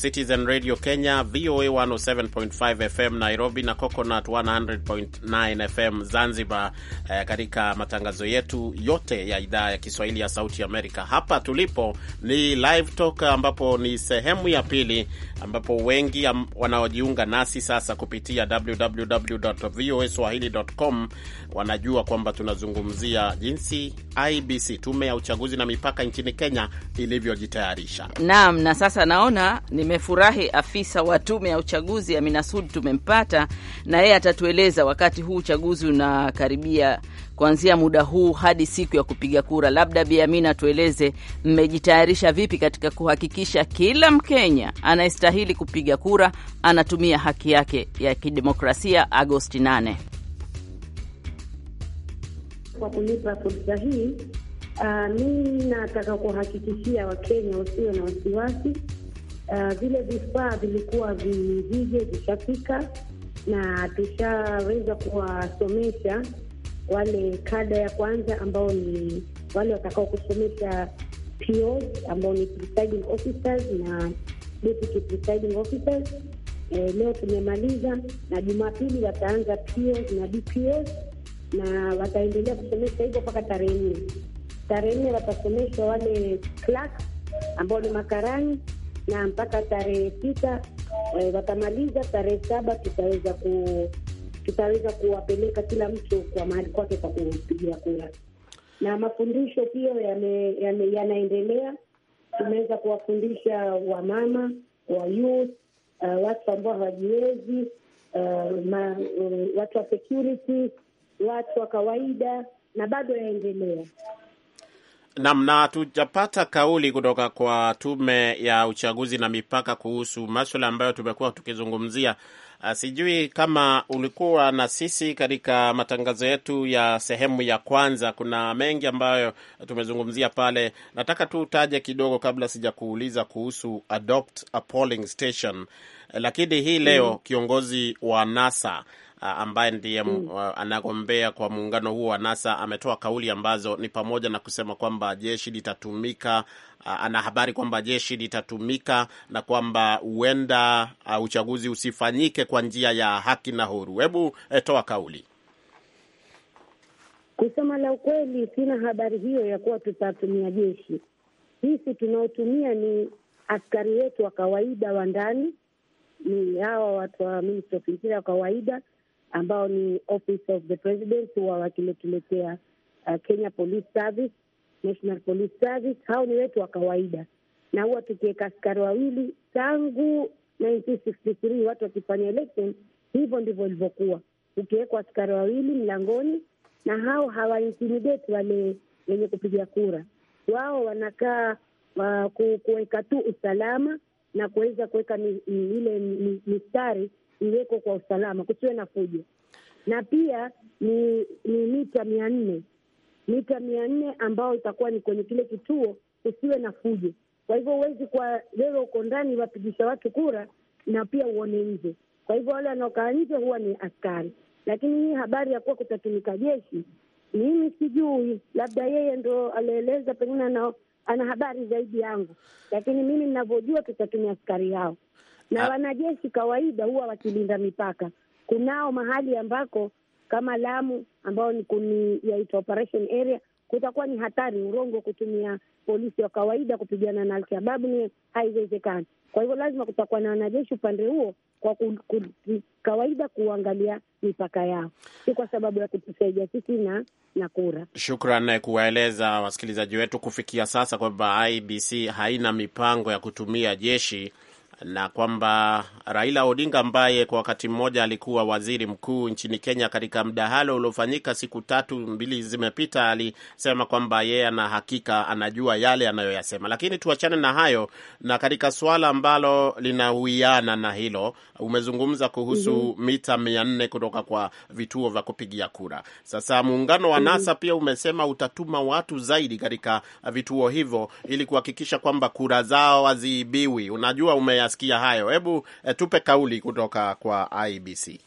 Speaker 1: Citizen Radio Kenya, VOA 107.5 FM Nairobi na Coconut 100.9 FM Zanzibar, uh, katika matangazo yetu yote ya idhaa ya Kiswahili ya Sauti Amerika. Hapa tulipo ni Live Talk, ambapo ni sehemu ya pili, ambapo wengi am, wanaojiunga nasi sasa kupitia www.voaswahili.com wana anajua kwamba tunazungumzia jinsi IBC, tume ya uchaguzi na mipaka nchini Kenya, ilivyojitayarisha.
Speaker 2: Naam, na sasa naona nimefurahi, afisa wa tume ya uchaguzi Amina Sud tumempata, na yeye atatueleza wakati huu uchaguzi unakaribia kuanzia muda huu hadi siku ya kupiga kura. Labda Bi Amina, tueleze mmejitayarisha vipi katika kuhakikisha kila Mkenya anayestahili kupiga kura anatumia haki yake ya kidemokrasia Agosti 8
Speaker 7: kwa kunipa fursa hii. Uh, mimi nataka kuhakikishia Wakenya wasio na wasiwasi. Uh, vile vifaa vilikuwa vivije vishafika na tushaweza kuwasomesha wale kada ya kwanza ambao ni wale watakao kusomesha ambao ni presiding officers na deputy presiding officers. E, leo tumemaliza na Jumapili wataanza po na na wataendelea kusomesha hivyo mpaka tarehe nne. Tarehe nne watasomeshwa wale clerk ambao ni makarani na mpaka tarehe e, watamaliza. Tarehe saba tutaweza ku tutaweza kuwapeleka kila mtu kwa mahali kwake kwa kupigia kura, na mafundisho pia yanaendelea. Yame, tumeweza kuwafundisha wamama wa youth uh, watu ambao hawajiwezi uh, uh, watu wa security watu wa kawaida na bado yaendelea.
Speaker 1: Naam, na tujapata kauli kutoka kwa Tume ya Uchaguzi na Mipaka kuhusu maswala ambayo tumekuwa tukizungumzia. Ah, sijui kama ulikuwa na sisi katika matangazo yetu ya sehemu ya kwanza. Kuna mengi ambayo tumezungumzia pale, nataka tu utaje kidogo kabla sijakuuliza kuhusu adopt a polling station. Lakini hii leo mm. kiongozi wa NASA ambaye ndiye mm. anagombea kwa muungano huo wa NASA ametoa kauli ambazo ni pamoja na kusema kwamba jeshi litatumika ana habari kwamba jeshi litatumika na kwamba huenda uh, uchaguzi usifanyike kwa njia ya haki na huru. Hebu e, toa kauli.
Speaker 7: Kusema la ukweli, sina habari hiyo ya kuwa tutatumia jeshi. Sisi tunaotumia ni askari wetu wa kawaida wa ndani, ni hawa watu wa ministry of interior wa kawaida ambao ni Office of the President, huwa wakiletuletea uh, Kenya Police Service, National Police Service. Hao ni wetu wa kawaida, na huwa tukiweka askari wawili tangu 1963 watu wakifanya election, hivyo ndivyo ilivyokuwa, ukiwekwa askari wawili mlangoni, na hao hawaintimidate wale wenye kupiga kura. Wao wanakaa uh, kuweka tu usalama na kuweza kuweka ile mistari iweko kwa usalama, kusiwe na fujo. Na pia ni ni mita mia nne mita mia nne ambayo itakuwa ni kwenye kile kituo, kusiwe na fujo. Kwa hivyo huwezi kwa wewe uko ndani wapigisha watu kura na pia uone nje. Kwa hivyo wale wanaokaa nje huwa ni askari, lakini hii habari ya kuwa kutatumika jeshi mimi sijui, labda yeye ndo alieleza, pengine ana habari zaidi yangu, lakini mimi ninavyojua tutatumia askari yao na ha. Ah. wanajeshi kawaida huwa wakilinda mipaka. Kunao mahali ambako kama Lamu ambayo ni kuni yaitwa operation area, kutakuwa ni hatari urongo kutumia polisi wa kawaida kupigana na Alshababu, ni haiwezekani. Kwa hivyo lazima kutakuwa na wanajeshi upande huo kwa ku, ku, kawaida kuangalia mipaka yao, si kwa sababu ya kutusaidia sisi na na kura.
Speaker 1: Shukran kuwaeleza wasikilizaji wetu kufikia sasa kwamba IBC haina mipango ya kutumia jeshi na kwamba Raila Odinga ambaye kwa wakati mmoja alikuwa waziri mkuu nchini Kenya, katika mdahalo uliofanyika siku tatu mbili zimepita, alisema kwamba yeye ana hakika anajua yale anayoyasema. Lakini tuachane na hayo, na katika suala ambalo linahuiana na hilo, umezungumza kuhusu mm -hmm. mita mia nne kutoka kwa vituo vya kupigia kura. Sasa muungano wa mhm. NASA mm -hmm. pia umesema utatuma watu zaidi katika vituo hivyo ili kuhakikisha kwamba kura zao haziibiwi. Unajua ume ameyasikia hayo. Hebu eh, tupe kauli kutoka kwa IBC.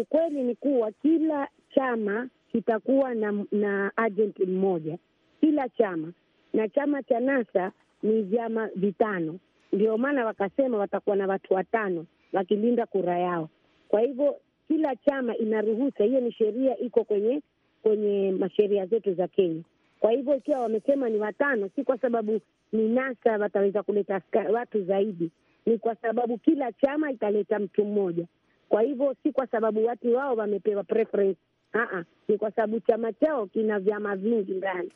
Speaker 7: Ukweli ni kuwa kila chama kitakuwa na, na ajenti mmoja kila chama, na chama cha NASA ni vyama vitano, ndio maana wakasema watakuwa na watu watano wakilinda kura yao. Kwa hivyo kila chama inaruhusa hiyo, ni sheria iko kwenye kwenye masheria zetu za Kenya. Kwa hivyo ikiwa wamesema ni watano, si kwa sababu ni NASA wataweza kuleta watu zaidi, ni kwa sababu kila chama italeta mtu mmoja. Kwa hivyo si kwa sababu watu wao wamepewa preference, aa, ni kwa sababu chama chao kina vyama vingi ndani,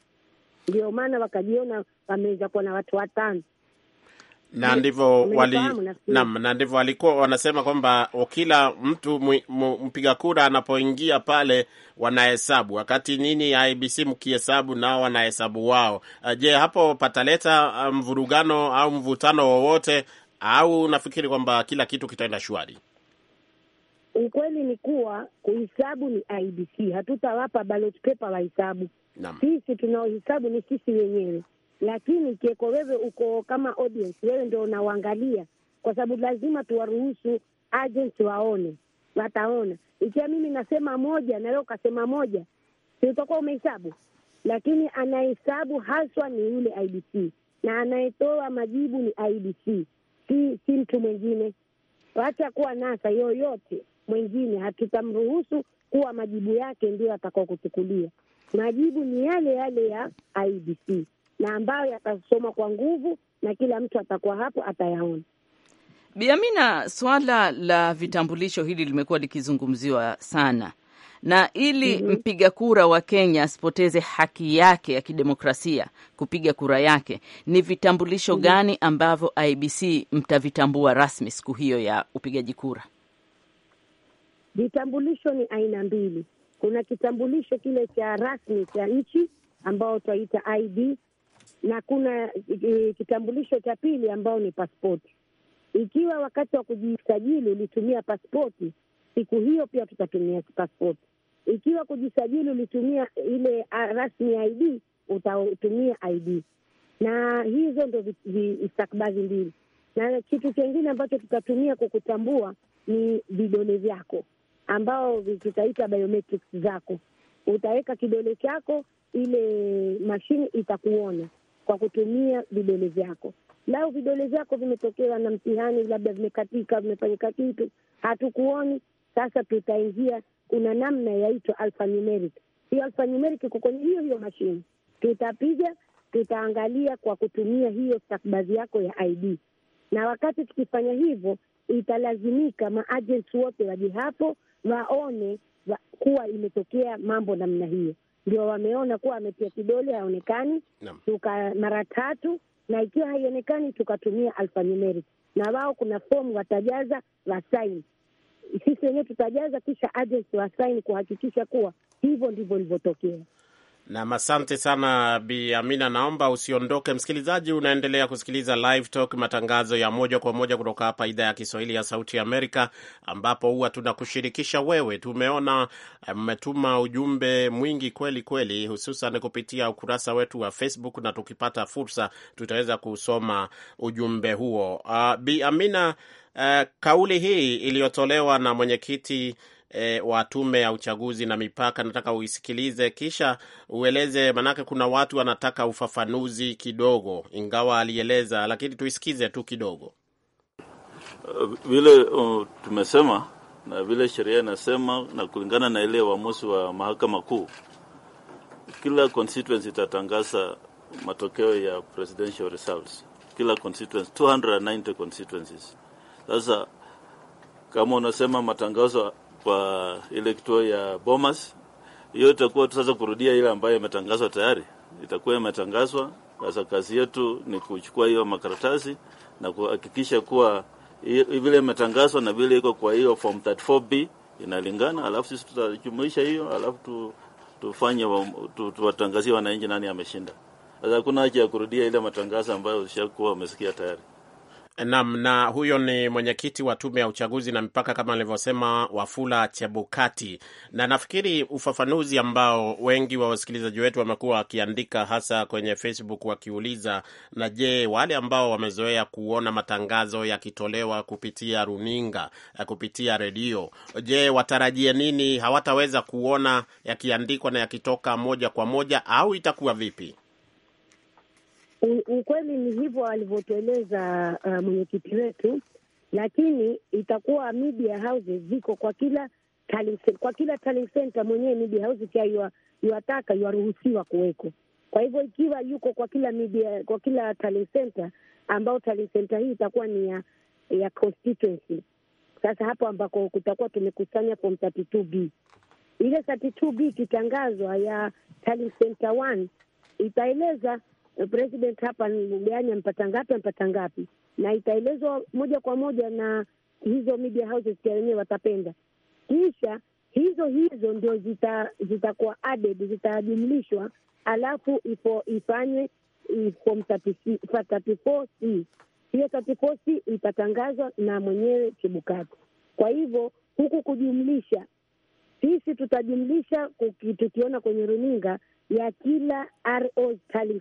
Speaker 7: ndio maana wakajiona wameweza kuwa na watu watano
Speaker 1: na ndivyo wali na ndivyo walikuwa wanasema kwamba kila mtu mpiga kura anapoingia pale wanahesabu, wakati nini IBC mkihesabu nao wanahesabu wao. Eh, je, hapo pataleta eh, mvurugano au mvutano wowote, au nafikiri kwamba kila kitu kitaenda shwari?
Speaker 7: Ukweli ni kuwa kuhesabu ni IBC, hatutawapa ballot paper wahesabu. Sisi tunaohesabu ni sisi wenyewe lakini kieko wewe uko kama audience, wewe ndio unawaangalia, kwa sababu lazima tuwaruhusu agents waone, wataona. Ikiwa mimi nasema moja na leo ukasema moja, si utakuwa umehesabu? Lakini anahesabu haswa ni yule IDC na anayetoa majibu ni IDC, si si mtu mwingine. Wacha kuwa nasa yoyote mwingine, hatutamruhusu kuwa majibu yake ndiyo atakao kuchukulia. Majibu ni yale yale ya IDC na ambayo yatasomwa kwa nguvu na kila mtu atakuwa hapo atayaona.
Speaker 2: biamina swala la vitambulisho hili limekuwa likizungumziwa sana na ili mm -hmm. mpiga kura wa Kenya asipoteze haki yake ya kidemokrasia kupiga kura yake, ni vitambulisho mm -hmm. gani ambavyo IBC mtavitambua rasmi siku hiyo ya upigaji kura?
Speaker 7: Vitambulisho ni aina mbili. Kuna kitambulisho kile cha rasmi cha nchi ambao twaita ID, na kuna eh, kitambulisho cha pili ambao ni paspoti. Ikiwa wakati wa kujisajili ulitumia paspoti, siku hiyo pia tutatumia paspoti. Ikiwa kujisajili ulitumia ile ah, rasmi ID, utatumia ID, na hizo ndo vistakabadhi mbili. Na kitu kingine ambacho tutatumia kukutambua ni vidole vyako, ambao tutaita biometrics zako. Utaweka kidole chako, ile mashine itakuona kwa kutumia vidole vyako. Lau vidole vyako vimetokewa na mtihani, labda vimekatika, vimefanyika kitu hatukuoni, sasa tutaingia, kuna namna yaitwa alfanumeric. Hiyo alfanumeric iko kwenye hiyo hiyo mashine, tutapiga, tutaangalia kwa kutumia hiyo stakabadhi yako ya ID, na wakati tukifanya hivyo italazimika maajenti wote waje hapo waone wa, kuwa imetokea mambo namna hiyo ndio wameona kuwa ametia kidole haonekani, tuka mara tatu, na ikiwa haionekani tukatumia alfanumeric, na wao kuna fomu watajaza wasaini, sisi wenyewe tutajaza, kisha agency wasaini kuhakikisha kuwa
Speaker 1: hivyo ndivyo ilivyotokea. Nam, asante sana Bi Amina, naomba usiondoke. Msikilizaji, unaendelea kusikiliza Live Talk, matangazo ya moja kwa moja kutoka hapa idhaa ya Kiswahili ya Sauti Amerika, ambapo huwa tunakushirikisha wewe. Tumeona eh, mmetuma ujumbe mwingi kweli kweli, hususan kupitia ukurasa wetu wa Facebook, na tukipata fursa tutaweza kusoma ujumbe huo. Uh, Bi Amina, uh, kauli hii iliyotolewa na mwenyekiti e, wa tume ya uchaguzi na mipaka, nataka uisikilize kisha ueleze, maanake kuna watu wanataka ufafanuzi kidogo, ingawa alieleza, lakini tuisikize tu kidogo
Speaker 6: vile uh, tumesema na vile sheria inasema na kulingana na ile uamuzi wa mahakama kuu, kila constituency itatangaza matokeo ya presidential results. Kila constituency 290 constituencies. Sasa kama unasema matangazo kwa ile kituo ya Bomas. Hiyo itakuwa tu sasa kurudia ile ambayo imetangazwa tayari, itakuwa imetangazwa sasa. Kazi yetu ni kuchukua hiyo makaratasi na kuhakikisha kuwa vile imetangazwa na vile iko kwa hiyo form 34B inalingana, alafu sisi tutajumuisha hiyo, alafu
Speaker 1: tu, tufanye tuwatangazie tu, wananchi nani ameshinda. Sasa hakuna haja ya kurudia ile matangazo ambayo ushakuwa umesikia tayari. Naam, na huyo ni mwenyekiti wa tume ya uchaguzi na mipaka kama alivyosema Wafula Chebukati, na nafikiri ufafanuzi ambao wengi wa wasikilizaji wetu wamekuwa wakiandika hasa kwenye Facebook wakiuliza, na je, wale ambao wamezoea kuona matangazo yakitolewa kupitia runinga, eh, kupitia redio, je, watarajie nini? Hawataweza kuona yakiandikwa na yakitoka moja kwa moja au itakuwa vipi?
Speaker 7: Ukweli ni hivyo alivyotueleza uh, mwenyekiti wetu, lakini itakuwa media houses ziko kwa kila tallying, kwa kila tallying center mwenyewe media house ikiwa yuwataka yuwaruhusiwa kuweko. Kwa hivyo ikiwa yuko kwa kila media, kwa kila tallying center ambao tallying center hii itakuwa ni ya ya constituency. Sasa hapo ambako kutakuwa tumekusanya form 32B, ile 32B ikitangazwa ya tallying center 1 itaeleza Eh, president hapa mgani amepata ngapi, amepata ngapi, na itaelezwa moja kwa moja na hizo media houses wenyewe watapenda. Kisha hizo hizo ndio zitakuwa zita added zitajumlishwa, alafu ipo ifanywe form 34C. Hiyo 34C itatangazwa na mwenyewe Chebukati. Kwa hivyo huku kujumlisha sisi tutajumlisha tukiona kwenye runinga ya kila RO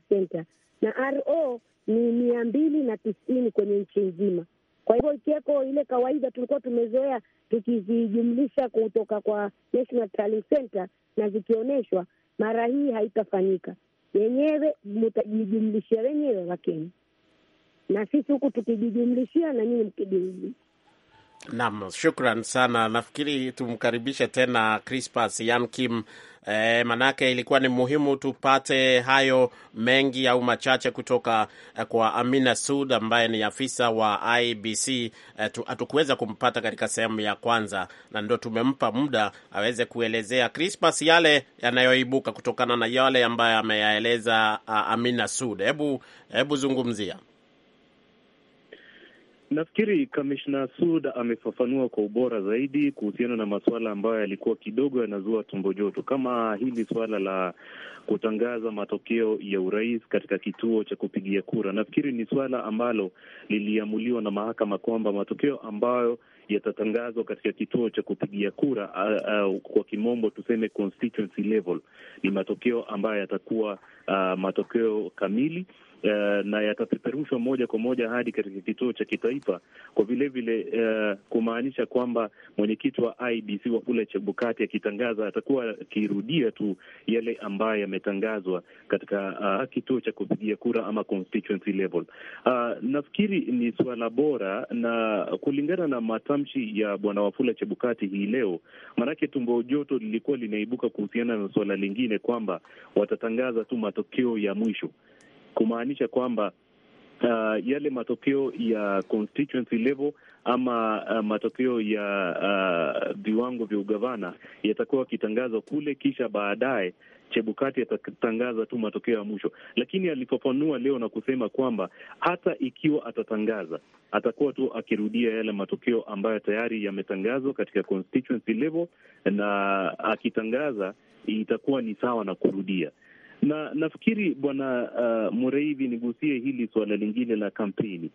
Speaker 7: center, na RO ni mia mbili na tisini kwenye nchi nzima. Kwa hivyo ikiweko ile kawaida tulikuwa tumezoea tukizijumlisha kutoka kwa National Center na zikionyeshwa, mara hii haitafanyika. Yenyewe mutajijumlishia wenyewe Wakenya, na sisi huku tukijijumlishia na nyinyi mkijumlisha.
Speaker 1: Naam, shukran sana. Nafikiri tumkaribishe tena Crispas yankim E, manake ilikuwa ni muhimu tupate hayo mengi au machache kutoka e, kwa Amina Sud ambaye ni afisa wa IBC. E, hatukuweza kumpata katika sehemu ya kwanza, na ndo tumempa muda aweze kuelezea Crispas yale yanayoibuka kutokana na yale ambayo ameyaeleza Amina Sud. Hebu hebu zungumzia
Speaker 6: Nafikiri kamishna Sud amefafanua kwa ubora zaidi kuhusiana na masuala ambayo yalikuwa kidogo yanazua tumbo joto, kama hili suala la kutangaza matokeo ya urais katika kituo cha kupigia kura. Nafikiri ni suala ambalo liliamuliwa na mahakama kwamba matokeo ambayo yatatangazwa katika kituo cha kupigia kura, uh, uh, kwa kimombo tuseme constituency level, ni matokeo ambayo yatakuwa uh, matokeo kamili uh, na yatapeperushwa moja kwa moja hadi katika kituo cha kitaifa kwa vilevile uh, eh, kumaanisha kwamba mwenyekiti wa IBC Wafula Chebukati akitangaza atakuwa akirudia tu yale ambayo yametangazwa katika uh, kituo cha kupigia kura ama constituency level. Uh, nafikiri ni suala bora na kulingana na matamshi ya bwana Wafula Chebukati hii leo, maanake tumbo joto lilikuwa linaibuka kuhusiana na suala lingine kwamba watatangaza tu matokeo ya mwisho kumaanisha kwamba Uh, yale matokeo ya constituency level ama uh, matokeo ya uh, viwango vya ugavana yatakuwa yakitangazwa kule, kisha baadaye Chebukati atatangaza tu matokeo ya mwisho. Lakini alifafanua leo na kusema kwamba hata ikiwa atatangaza, atakuwa tu akirudia yale matokeo ambayo tayari yametangazwa katika constituency level, na akitangaza itakuwa ni sawa na kurudia na nafikiri bwana uh, Mureithi, nigusie hili suala lingine la kampeni.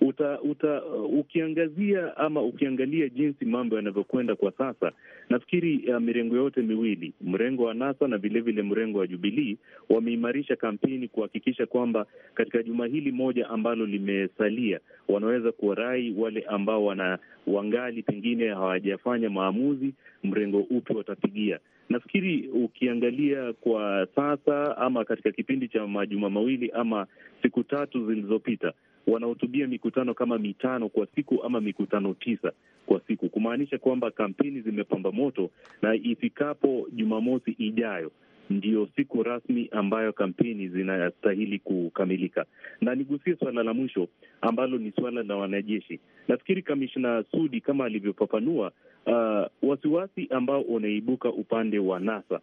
Speaker 6: Uta, uta uh, ukiangazia ama ukiangalia jinsi mambo yanavyokwenda kwa sasa, nafikiri uh, mirengo yote miwili, mrengo wa NASA na vilevile mrengo wa Jubilii wameimarisha kampeni kuhakikisha kwamba katika juma hili moja ambalo limesalia, wanaweza kuwarai wale ambao wana wangali pengine hawajafanya maamuzi, mrengo upi watapigia Nafikiri ukiangalia kwa sasa ama katika kipindi cha majuma mawili ama siku tatu zilizopita, wanahutubia mikutano kama mitano kwa siku ama mikutano tisa kwa siku, kumaanisha kwamba kampeni zimepamba moto, na ifikapo Jumamosi ijayo ndio siku rasmi ambayo kampeni zinastahili kukamilika. Na nigusie suala la mwisho ambalo ni suala la wanajeshi. Nafikiri kamishna Sudi kama alivyofafanua, uh, wasiwasi ambao unaibuka upande wa NASA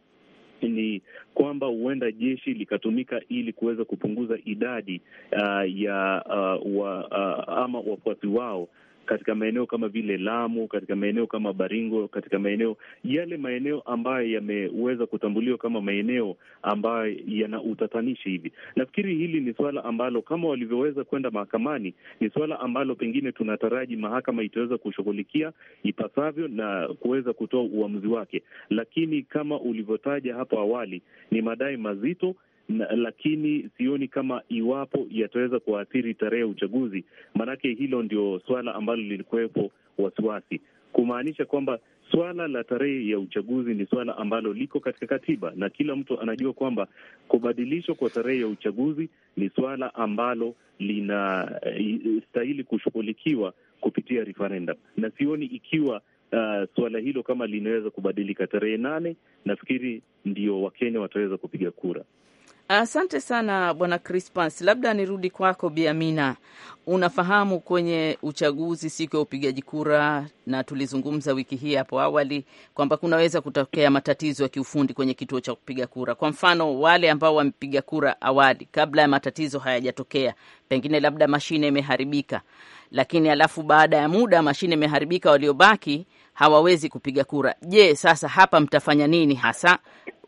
Speaker 6: ni kwamba huenda jeshi likatumika ili kuweza kupunguza idadi uh, ya uh, wa, uh, ama wafuasi wao katika maeneo kama vile Lamu, katika maeneo kama Baringo, katika maeneo yale maeneo ambayo yameweza kutambuliwa kama maeneo ambayo yana utatanishi hivi. Nafikiri hili ni suala ambalo kama walivyoweza kwenda mahakamani, ni suala ambalo pengine tunataraji mahakama itaweza kushughulikia ipasavyo na kuweza kutoa uamuzi wake, lakini kama ulivyotaja hapo awali, ni madai mazito na, lakini sioni kama iwapo yataweza kuathiri tarehe ya uchaguzi, maanake hilo ndio swala ambalo lilikuwepo wasiwasi, kumaanisha kwamba swala la tarehe ya uchaguzi ni swala ambalo liko katika katiba na kila mtu anajua kwamba kubadilishwa kwa tarehe ya uchaguzi ni swala ambalo linastahili eh, kushughulikiwa kupitia referendum, na sioni ikiwa uh, swala hilo kama linaweza kubadilika tarehe nane. Nafikiri ndio Wakenya wataweza kupiga kura.
Speaker 2: Asante sana bwana Crispas, labda nirudi kwako Biamina. Unafahamu kwenye uchaguzi, siku ya upigaji kura, na tulizungumza wiki hii hapo awali kwamba kunaweza kutokea matatizo ya kiufundi kwenye kituo cha kupiga kura. Kwa mfano, wale ambao wamepiga kura awali, kabla ya matatizo hayajatokea, pengine labda mashine imeharibika, lakini alafu baada ya muda mashine imeharibika, waliobaki hawawezi kupiga kura. Je, sasa hapa mtafanya nini hasa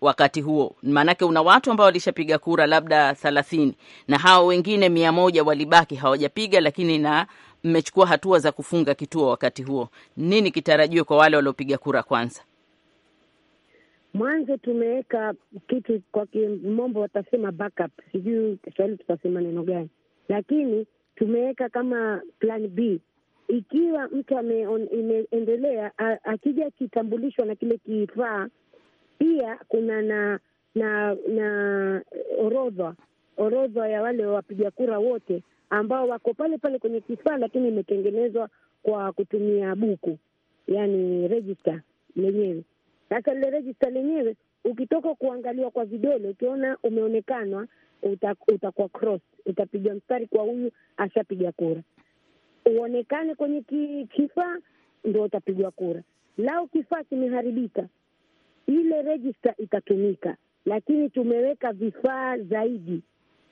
Speaker 2: wakati huo? Maanake una watu ambao walishapiga kura labda thelathini na hao wengine mia moja walibaki hawajapiga, lakini na mmechukua hatua za kufunga kituo wakati huo. Nini kitarajiwe kwa wale waliopiga kura? Kwanza
Speaker 7: mwanzo tumeweka kitu kwa kimombo watasema backup, sijui Kiswahili tutasema neno gani, lakini tumeweka kama plan B ikiwa mtu ameendelea, akija akitambulishwa na kile kifaa, pia kuna na na na orodha orodha ya wale wapiga kura wote ambao wako pale pale kwenye kifaa, lakini imetengenezwa kwa kutumia buku, yani rejista lenyewe. Sasa lile rejista lenyewe ukitoka kuangaliwa kwa vidole, ukiona umeonekanwa, utakuwa cross, utapiga mstari kwa huyu ashapiga kura uonekane kwenye kifaa ndo utapigwa kura. Lau kifaa kimeharibika, ile rejista itatumika, lakini tumeweka vifaa zaidi,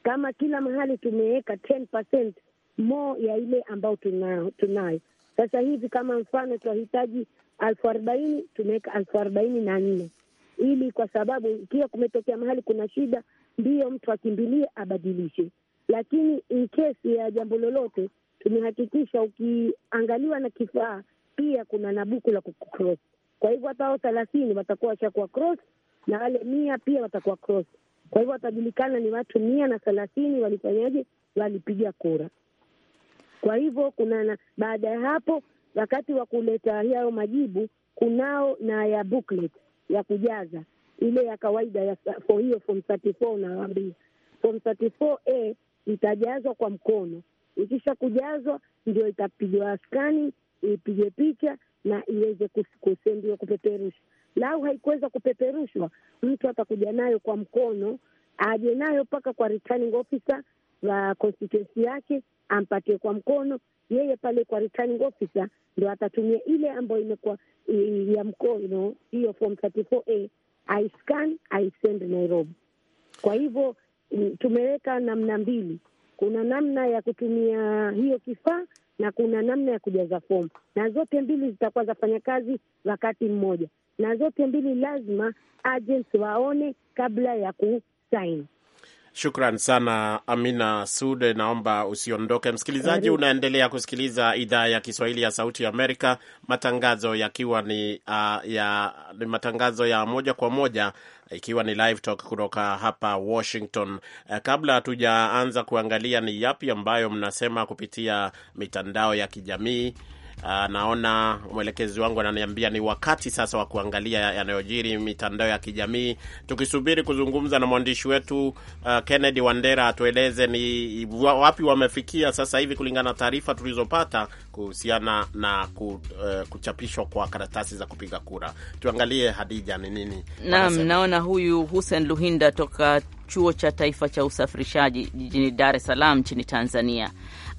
Speaker 7: kama kila mahali tumeweka 10% more ya ile ambayo tunayo, tunayo sasa hivi. Kama mfano tunahitaji elfu arobaini tumeweka elfu arobaini na nne ili kwa sababu ikiwa kumetokea mahali kuna shida, ndiyo mtu akimbilie abadilishe, lakini in case ya jambo lolote tumehakikisha ukiangaliwa na kifaa pia kuna nabuku la kucross. Kwa hivyo hata hao thelathini watakuwa washakuwa cross na wale mia pia watakuwa cross. Kwa hivyo watajulikana ni watu mia na thelathini walifanyaje, walipiga kura. Kwa hivyo kuna na, baada ya hapo wakati wa kuleta hayo majibu kunao na ya booklet ya kujaza ile ya kawaida ya for hiyo form 34 unawaambia form 34A itajazwa kwa mkono ikisha kujazwa ndio itapigwa askani, ipige picha na iweze kusendiwa kupeperushwa. Lau haikuweza kupeperushwa, mtu atakuja nayo kwa mkono, aje nayo mpaka kwa returning officer wa constituency yake, ampatie kwa mkono yeye pale kwa returning officer, ndo atatumia ile ambayo imekuwa ya mkono, hiyo form 34A aiscan aisend Nairobi. Kwa hivyo mm, tumeweka namna mbili, kuna namna ya kutumia hiyo kifaa na kuna namna ya kujaza fomu, na zote mbili zitakuwa zafanya kazi wakati mmoja, na zote mbili lazima agents waone kabla ya kusaini.
Speaker 1: Shukran sana Amina Sude, naomba usiondoke msikilizaji. Unaendelea kusikiliza idhaa ya Kiswahili ya Sauti ya Amerika, matangazo yakiwa ni, uh, ya, ni matangazo ya moja kwa moja ikiwa ni live talk kutoka hapa Washington. Uh, kabla hatujaanza kuangalia ni yapi ambayo mnasema kupitia mitandao ya kijamii Uh, naona mwelekezi wangu ananiambia ni wakati sasa wa kuangalia yanayojiri mitandao ya kijamii, tukisubiri kuzungumza na mwandishi wetu uh, Kennedy Wandera atueleze ni wapi wamefikia sasa hivi kulingana na taarifa tulizopata kuhusiana na ku, uh, kuchapishwa kwa karatasi za kupiga kura. Tuangalie Hadija, ni nini naam. Naona
Speaker 2: huyu Hussein Luhinda toka Chuo cha Taifa cha Usafirishaji jijini Dar es Salaam nchini Tanzania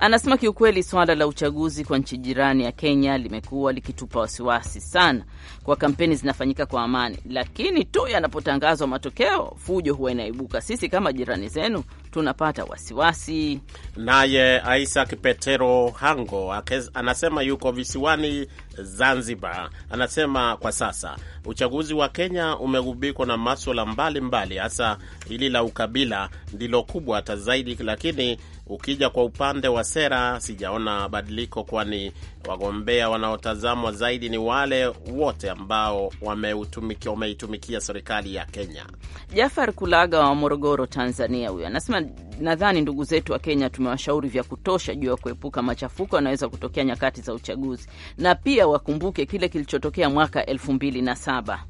Speaker 2: Anasema kiukweli, swala la uchaguzi kwa nchi jirani ya Kenya limekuwa likitupa wasiwasi sana, kwa kampeni zinafanyika kwa amani, lakini tu yanapotangazwa matokeo fujo huwa inaibuka. Sisi kama jirani zenu tunapata wasiwasi.
Speaker 1: Naye Isaac Petero Hango akez, anasema yuko visiwani Zanzibar, anasema kwa sasa uchaguzi wa Kenya umegubikwa na maswala mbalimbali, hasa hili la ukabila ndilo kubwa hata zaidi, lakini ukija kwa upande wa sera sijaona badiliko, kwani Wagombea wanaotazamwa zaidi ni wale wote ambao wameitumikia serikali ya Kenya.
Speaker 2: Jafar Kulaga wa Morogoro, Tanzania, huyo anasema nadhani ndugu zetu wa Kenya tumewashauri vya kutosha juu ya kuepuka machafuko yanaweza kutokea nyakati za uchaguzi, na pia wakumbuke kile kilichotokea mwaka elfu mbili na saba.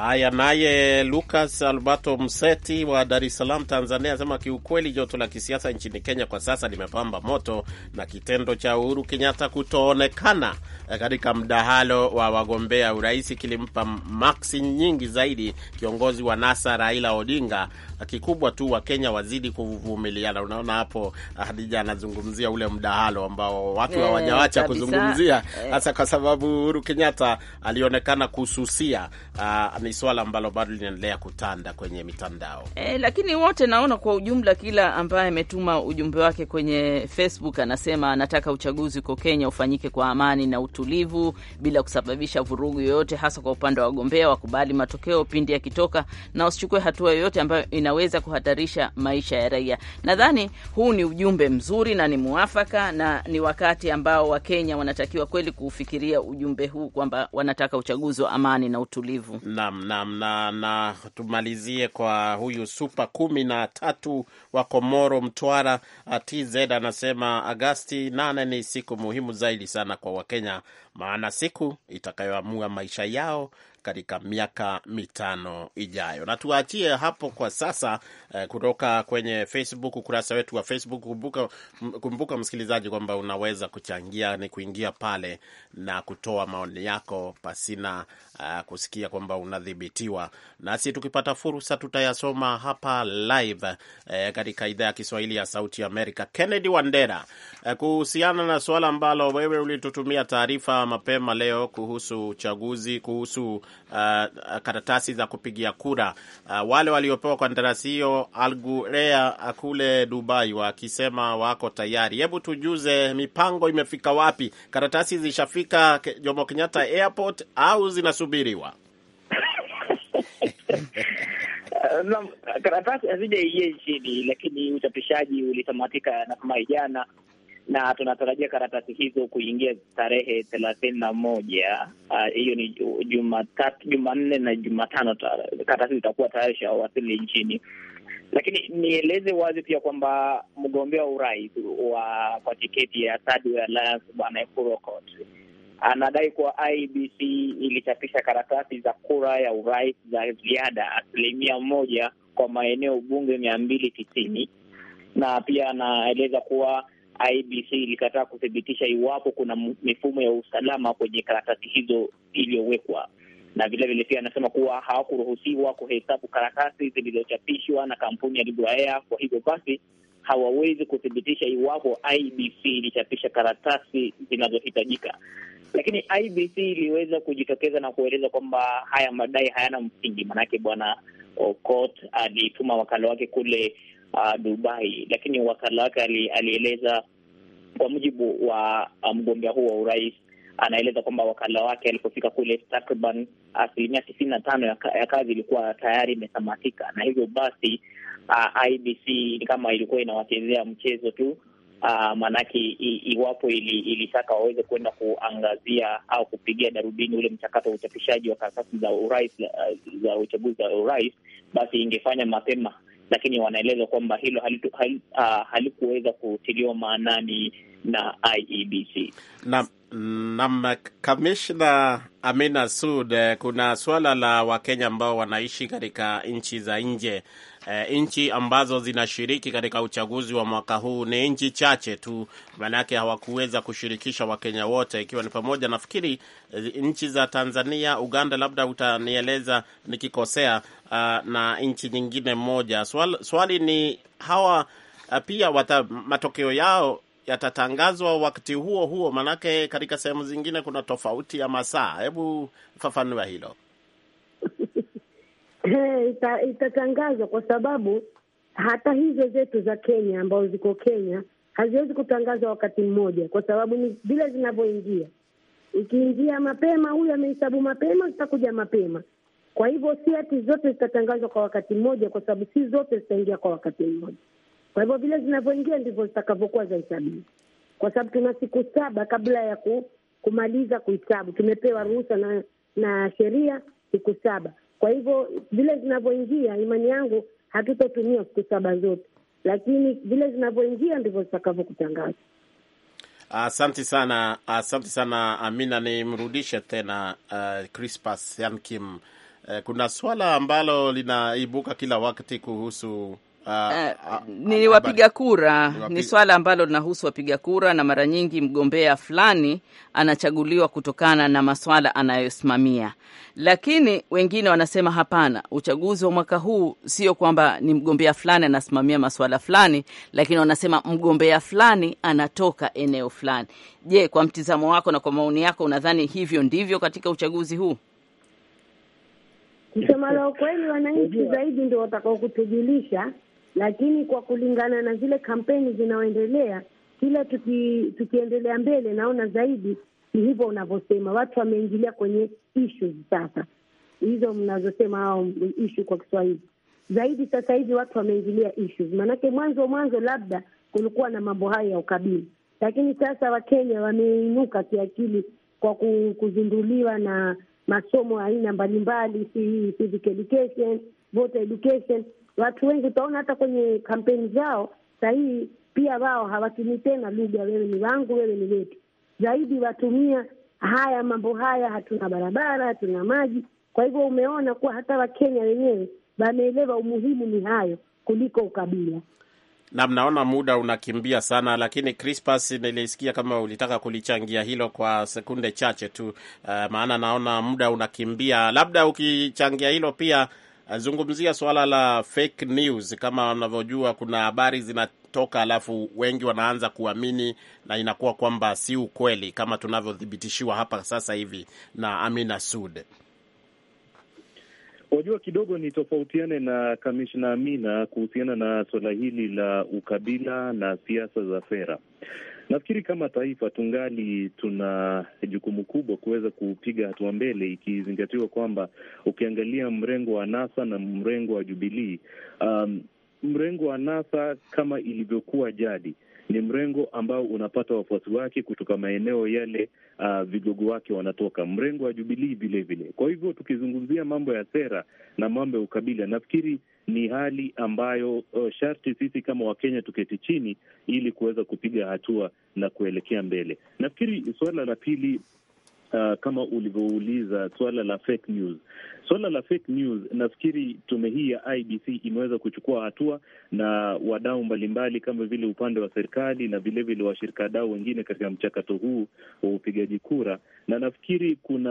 Speaker 1: Haya, naye Lucas Alberto Mseti wa Dar es Salaam, Tanzania, anasema kiukweli, joto la kisiasa nchini Kenya kwa sasa limepamba moto na kitendo cha Uhuru Kenyatta kutoonekana katika mdahalo wa wagombea urais kilimpa maksi nyingi zaidi kiongozi wa NASA Raila Odinga Ah, kikubwa tu Wakenya wazidi kuvumiliana. Unaona hapo ah, Hadija anazungumzia ule mdahalo ambao watu eh, hawajawacha yeah, kuzungumzia eh. hasa yeah, kwa sababu Uhuru Kenyatta alionekana kususia. Uh, ni swala ambalo bado linaendelea kutanda kwenye mitandao
Speaker 2: eh, lakini wote naona kwa ujumla, kila ambaye ametuma ujumbe wake kwenye Facebook anasema anataka uchaguzi uko Kenya ufanyike kwa amani na utulivu bila kusababisha vurugu yoyote, hasa kwa upande wa wagombea. Wakubali matokeo pindi yakitoka na wasichukue hatua yoyote ambayo ina unaweza kuhatarisha maisha ya raia. Nadhani huu ni ujumbe mzuri na ni mwafaka, na ni wakati ambao Wakenya wanatakiwa kweli kuufikiria
Speaker 1: ujumbe huu kwamba wanataka uchaguzi wa amani na utulivu. Nam, nam, na, na tumalizie kwa huyu supa kumi na tatu wa Komoro, Mtwara, TZ anasema Agasti nane ni siku muhimu zaidi sana kwa Wakenya, maana siku itakayoamua maisha yao katika miaka mitano ijayo. Na tuachie hapo kwa sasa eh, kutoka kwenye Facebook, ukurasa wetu wa Facebook. Kumbuka, kumbuka msikilizaji, kwamba unaweza kuchangia ni kuingia pale na kutoa maoni yako pasina uh, kusikia kwamba unadhibitiwa, nasi tukipata fursa tutayasoma hapa live eh, katika idhaa ya Kiswahili ya Sauti ya Amerika. Kennedy Wandera, eh, kuhusiana na suala ambalo wewe ulitutumia taarifa mapema leo kuhusu uchaguzi, kuhusu uh, karatasi za kupigia kura uh, wale waliopewa kandarasi hiyo Algurea kule Dubai wakisema wako tayari. Hebu tujuze mipango imefika wapi? Karatasi zishafika Jomo Kenyatta Airport au zinasubiriwa?
Speaker 4: *laughs* Karatasi hazijaingia nchini, lakini uchapishaji ulitamatika na kama jana na tunatarajia karatasi hizo kuingia tarehe thelathini na moja. Ah, hiyo uh, ni Jumatatu, Jumanne na Jumatano karatasi zitakuwa tayari shawasili nchini. Lakini nieleze wazi pia kwamba mgombea wa urais wa kwa tiketi ya Third Way Alliance Bwana Ekuru Aukot anadai kuwa IBC ilichapisha karatasi za kura ya urais za ziada asilimia moja kwa maeneo bunge mia mbili tisini na pia anaeleza kuwa IBC ilikataa kuthibitisha iwapo kuna mifumo ya usalama kwenye karatasi hizo iliyowekwa, na vilevile pia anasema kuwa hawakuruhusiwa kuhesabu karatasi zilizochapishwa na kampuni ya Libra Air. Kwa hivyo basi hawawezi kuthibitisha iwapo IBC ilichapisha karatasi zinazohitajika, lakini IBC iliweza kujitokeza na kueleza kwamba haya madai hayana msingi, maanake bwana Okot alituma wakala wake kule uh, Dubai, lakini wakala wake alieleza kwa mujibu wa uh, mgombea huo wa urais anaeleza kwamba wakala wake alipofika kule takriban asilimia tisini na tano ya kazi ilikuwa tayari imesamatika, na hivyo basi uh, IBC ni kama ilikuwa inawachezea mchezo tu uh, maanake iwapo ilitaka ili waweze kuenda kuangazia au kupigia darubini ule mchakato wa uchapishaji wa karatasi za urais uh, za uchaguzi za urais, basi ingefanya mapema lakini wanaeleza kwamba hilo ah, halikuweza uh, kutiliwa maanani
Speaker 1: na IEBC. Naam. Na kamishna Amina Sud, eh, kuna suala la Wakenya ambao wanaishi katika nchi za nje e, nchi ambazo zinashiriki katika uchaguzi wa mwaka huu ni nchi chache tu, maanake hawakuweza kushirikisha Wakenya wote, ikiwa ni pamoja nafikiri eh, nchi za Tanzania, Uganda, labda utanieleza nikikosea, uh, na nchi nyingine moja. Swali, swali ni hawa pia wata, matokeo yao yatatangazwa wakati huo huo, maanake katika sehemu zingine kuna tofauti ya masaa. Hebu fafanua hilo
Speaker 7: itatangazwa kwa sababu hata hizo zetu za Kenya ambazo ziko Kenya haziwezi kutangazwa wakati mmoja, kwa sababu ni vile zinavyoingia. Ikiingia mapema, huyu amehesabu mapema, zitakuja mapema. Kwa hivyo si hati zote zitatangazwa kwa wakati mmoja, kwa sababu si zote zitaingia kwa wakati mmoja. Kwa hivyo vile zinavyoingia ndivyo zitakavyokuwa za hesabii, kwa sababu tuna siku saba kabla ya kumaliza kuhesabu. Tumepewa ruhusa na, na sheria siku saba. Kwa hivyo vile zinavyoingia, imani yangu hatutotumia siku saba zote, lakini vile zinavyoingia ndivyo zitakavyokutangaza.
Speaker 1: Asante uh, sana asante uh, sana Amina. Nimrudishe tena uh, Crispas Yankim. Uh, kuna swala ambalo linaibuka kila wakati kuhusu Uh, ah,
Speaker 2: eh, ah, ni wapiga kura Ni swala ambalo linahusu wapiga kura, na mara nyingi mgombea fulani anachaguliwa kutokana na maswala anayosimamia, lakini wengine wanasema hapana, uchaguzi wa mwaka huu sio kwamba ni mgombea fulani anasimamia maswala fulani, lakini wanasema mgombea fulani anatoka eneo fulani. Je, kwa mtizamo wako na kwa maoni yako, unadhani hivyo ndivyo katika uchaguzi huu?
Speaker 7: Kusema la ukweli, wananchi zaidi ndio watakao kutujulisha lakini kwa kulingana na zile kampeni zinaoendelea, kila tuki, tukiendelea mbele, naona zaidi ni hivyo unavyosema, watu wameingilia kwenye ishu sasa hizo mnazosema au ishu kwa Kiswahili zaidi. Sasa hivi watu wameingilia ishu, maanake mwanzo mwanzo labda kulikuwa na mambo hayo ya ukabili lakini sasa Wakenya wameinuka kiakili kwa kuzinduliwa na masomo aina mbalimbali, civic education, voter education watu wengi utaona hata kwenye kampeni zao sahii pia wao hawatumii tena lugha wewe ni wangu, wewe ni wetu, zaidi watumia haya mambo haya, hatuna barabara, hatuna maji. Kwa hivyo umeona kuwa hata Wakenya wenyewe wameelewa umuhimu ni hayo kuliko ukabila.
Speaker 1: Nam, naona muda unakimbia sana, lakini Crispas, nilisikia kama ulitaka kulichangia hilo kwa sekunde chache tu. Uh, maana naona muda unakimbia, labda ukichangia hilo pia Zungumzia swala la fake news. Kama unavyojua, kuna habari zinatoka, alafu wengi wanaanza kuamini na inakuwa kwamba si ukweli, kama tunavyothibitishiwa hapa sasa hivi na Amina Sud.
Speaker 6: Wajua, kidogo ni tofautiane na kamishna Amina kuhusiana na suala hili la ukabila na siasa za fera. Nafikiri kama taifa tungali tuna jukumu kubwa kuweza kupiga hatua mbele, ikizingatiwa kwamba ukiangalia mrengo wa NASA na mrengo wa Jubilii, um, mrengo wa NASA kama ilivyokuwa jadi ni mrengo ambao unapata wafuasi wake kutoka maeneo yale, uh, vigogo wake wanatoka mrengo wa Jubilii vilevile. Kwa hivyo tukizungumzia mambo ya sera na mambo ya ukabila, nafikiri ni hali ambayo uh, sharti sisi kama Wakenya tuketi chini ili kuweza kupiga hatua na kuelekea mbele. Nafikiri suala la pili uh, kama ulivyouliza suala la fake news. Suala la fake news, nafikiri tume hii ya IBC imeweza kuchukua hatua na wadau mbalimbali kama vile upande wa serikali na vilevile washirika wadau wengine katika mchakato huu wa upigaji kura, na nafikiri kuna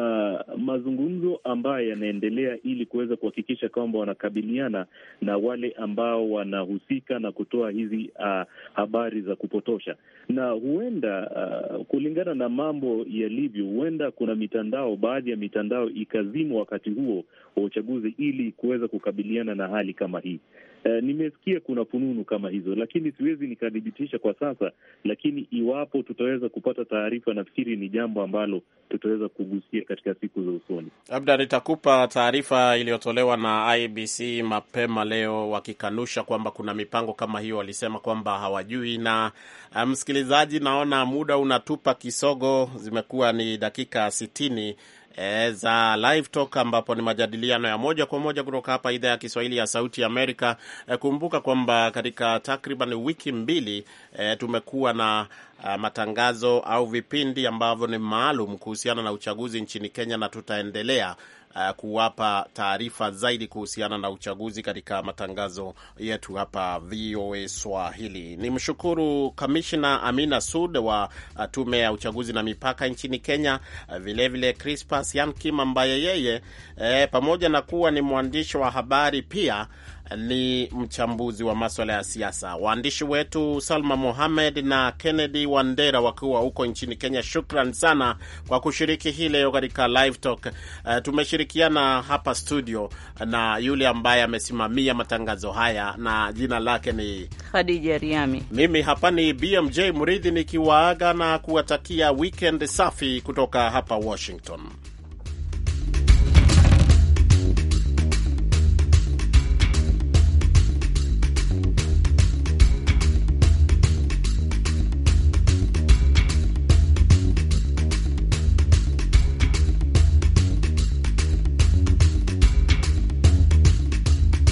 Speaker 6: mazungumzo ambayo yanaendelea ili kuweza kuhakikisha kwamba wanakabiliana na wale ambao wanahusika na kutoa hizi uh, habari za kupotosha, na huenda uh, kulingana na mambo yalivyo, huenda kuna mitandao, baadhi ya mitandao ikazimwa wakati huo wa uchaguzi ili kuweza kukabiliana na hali kama hii. Eh, nimesikia kuna fununu kama hizo, lakini siwezi nikadhibitisha kwa sasa, lakini iwapo tutaweza kupata taarifa, nafikiri ni jambo ambalo tutaweza kugusia katika siku za usoni.
Speaker 1: Labda nitakupa taarifa iliyotolewa na IBC mapema leo, wakikanusha kwamba kuna mipango kama hiyo. Walisema kwamba hawajui. Na eh, msikilizaji, naona muda unatupa kisogo, zimekuwa ni dakika sitini e, za Live Talk ambapo ni majadiliano ya moja kwa moja kutoka hapa idhaa ya Kiswahili ya Sauti ya Amerika. E, kumbuka kwamba katika takriban wiki mbili e, tumekuwa na a, e, matangazo au vipindi ambavyo ni maalum kuhusiana na uchaguzi nchini Kenya na tutaendelea uh, kuwapa taarifa zaidi kuhusiana na uchaguzi katika matangazo yetu hapa VOA Swahili. Ni mshukuru Kamishna Amina Sud wa uh, tume ya uchaguzi na mipaka nchini Kenya, uh, eh, vilevile Crispas Yankim ambaye yeye eh, pamoja na kuwa ni mwandishi wa habari pia ni mchambuzi wa maswala ya siasa. Waandishi wetu Salma Mohamed na Kennedy Wandera wakiwa huko nchini Kenya, shukran sana kwa kushiriki hii leo katika live talk. Uh, tumeshirikiana hapa studio na yule ambaye amesimamia matangazo haya na jina lake ni Khadija Riami. Mimi hapa ni BMJ Muridhi nikiwaaga na kuwatakia weekend safi kutoka hapa Washington.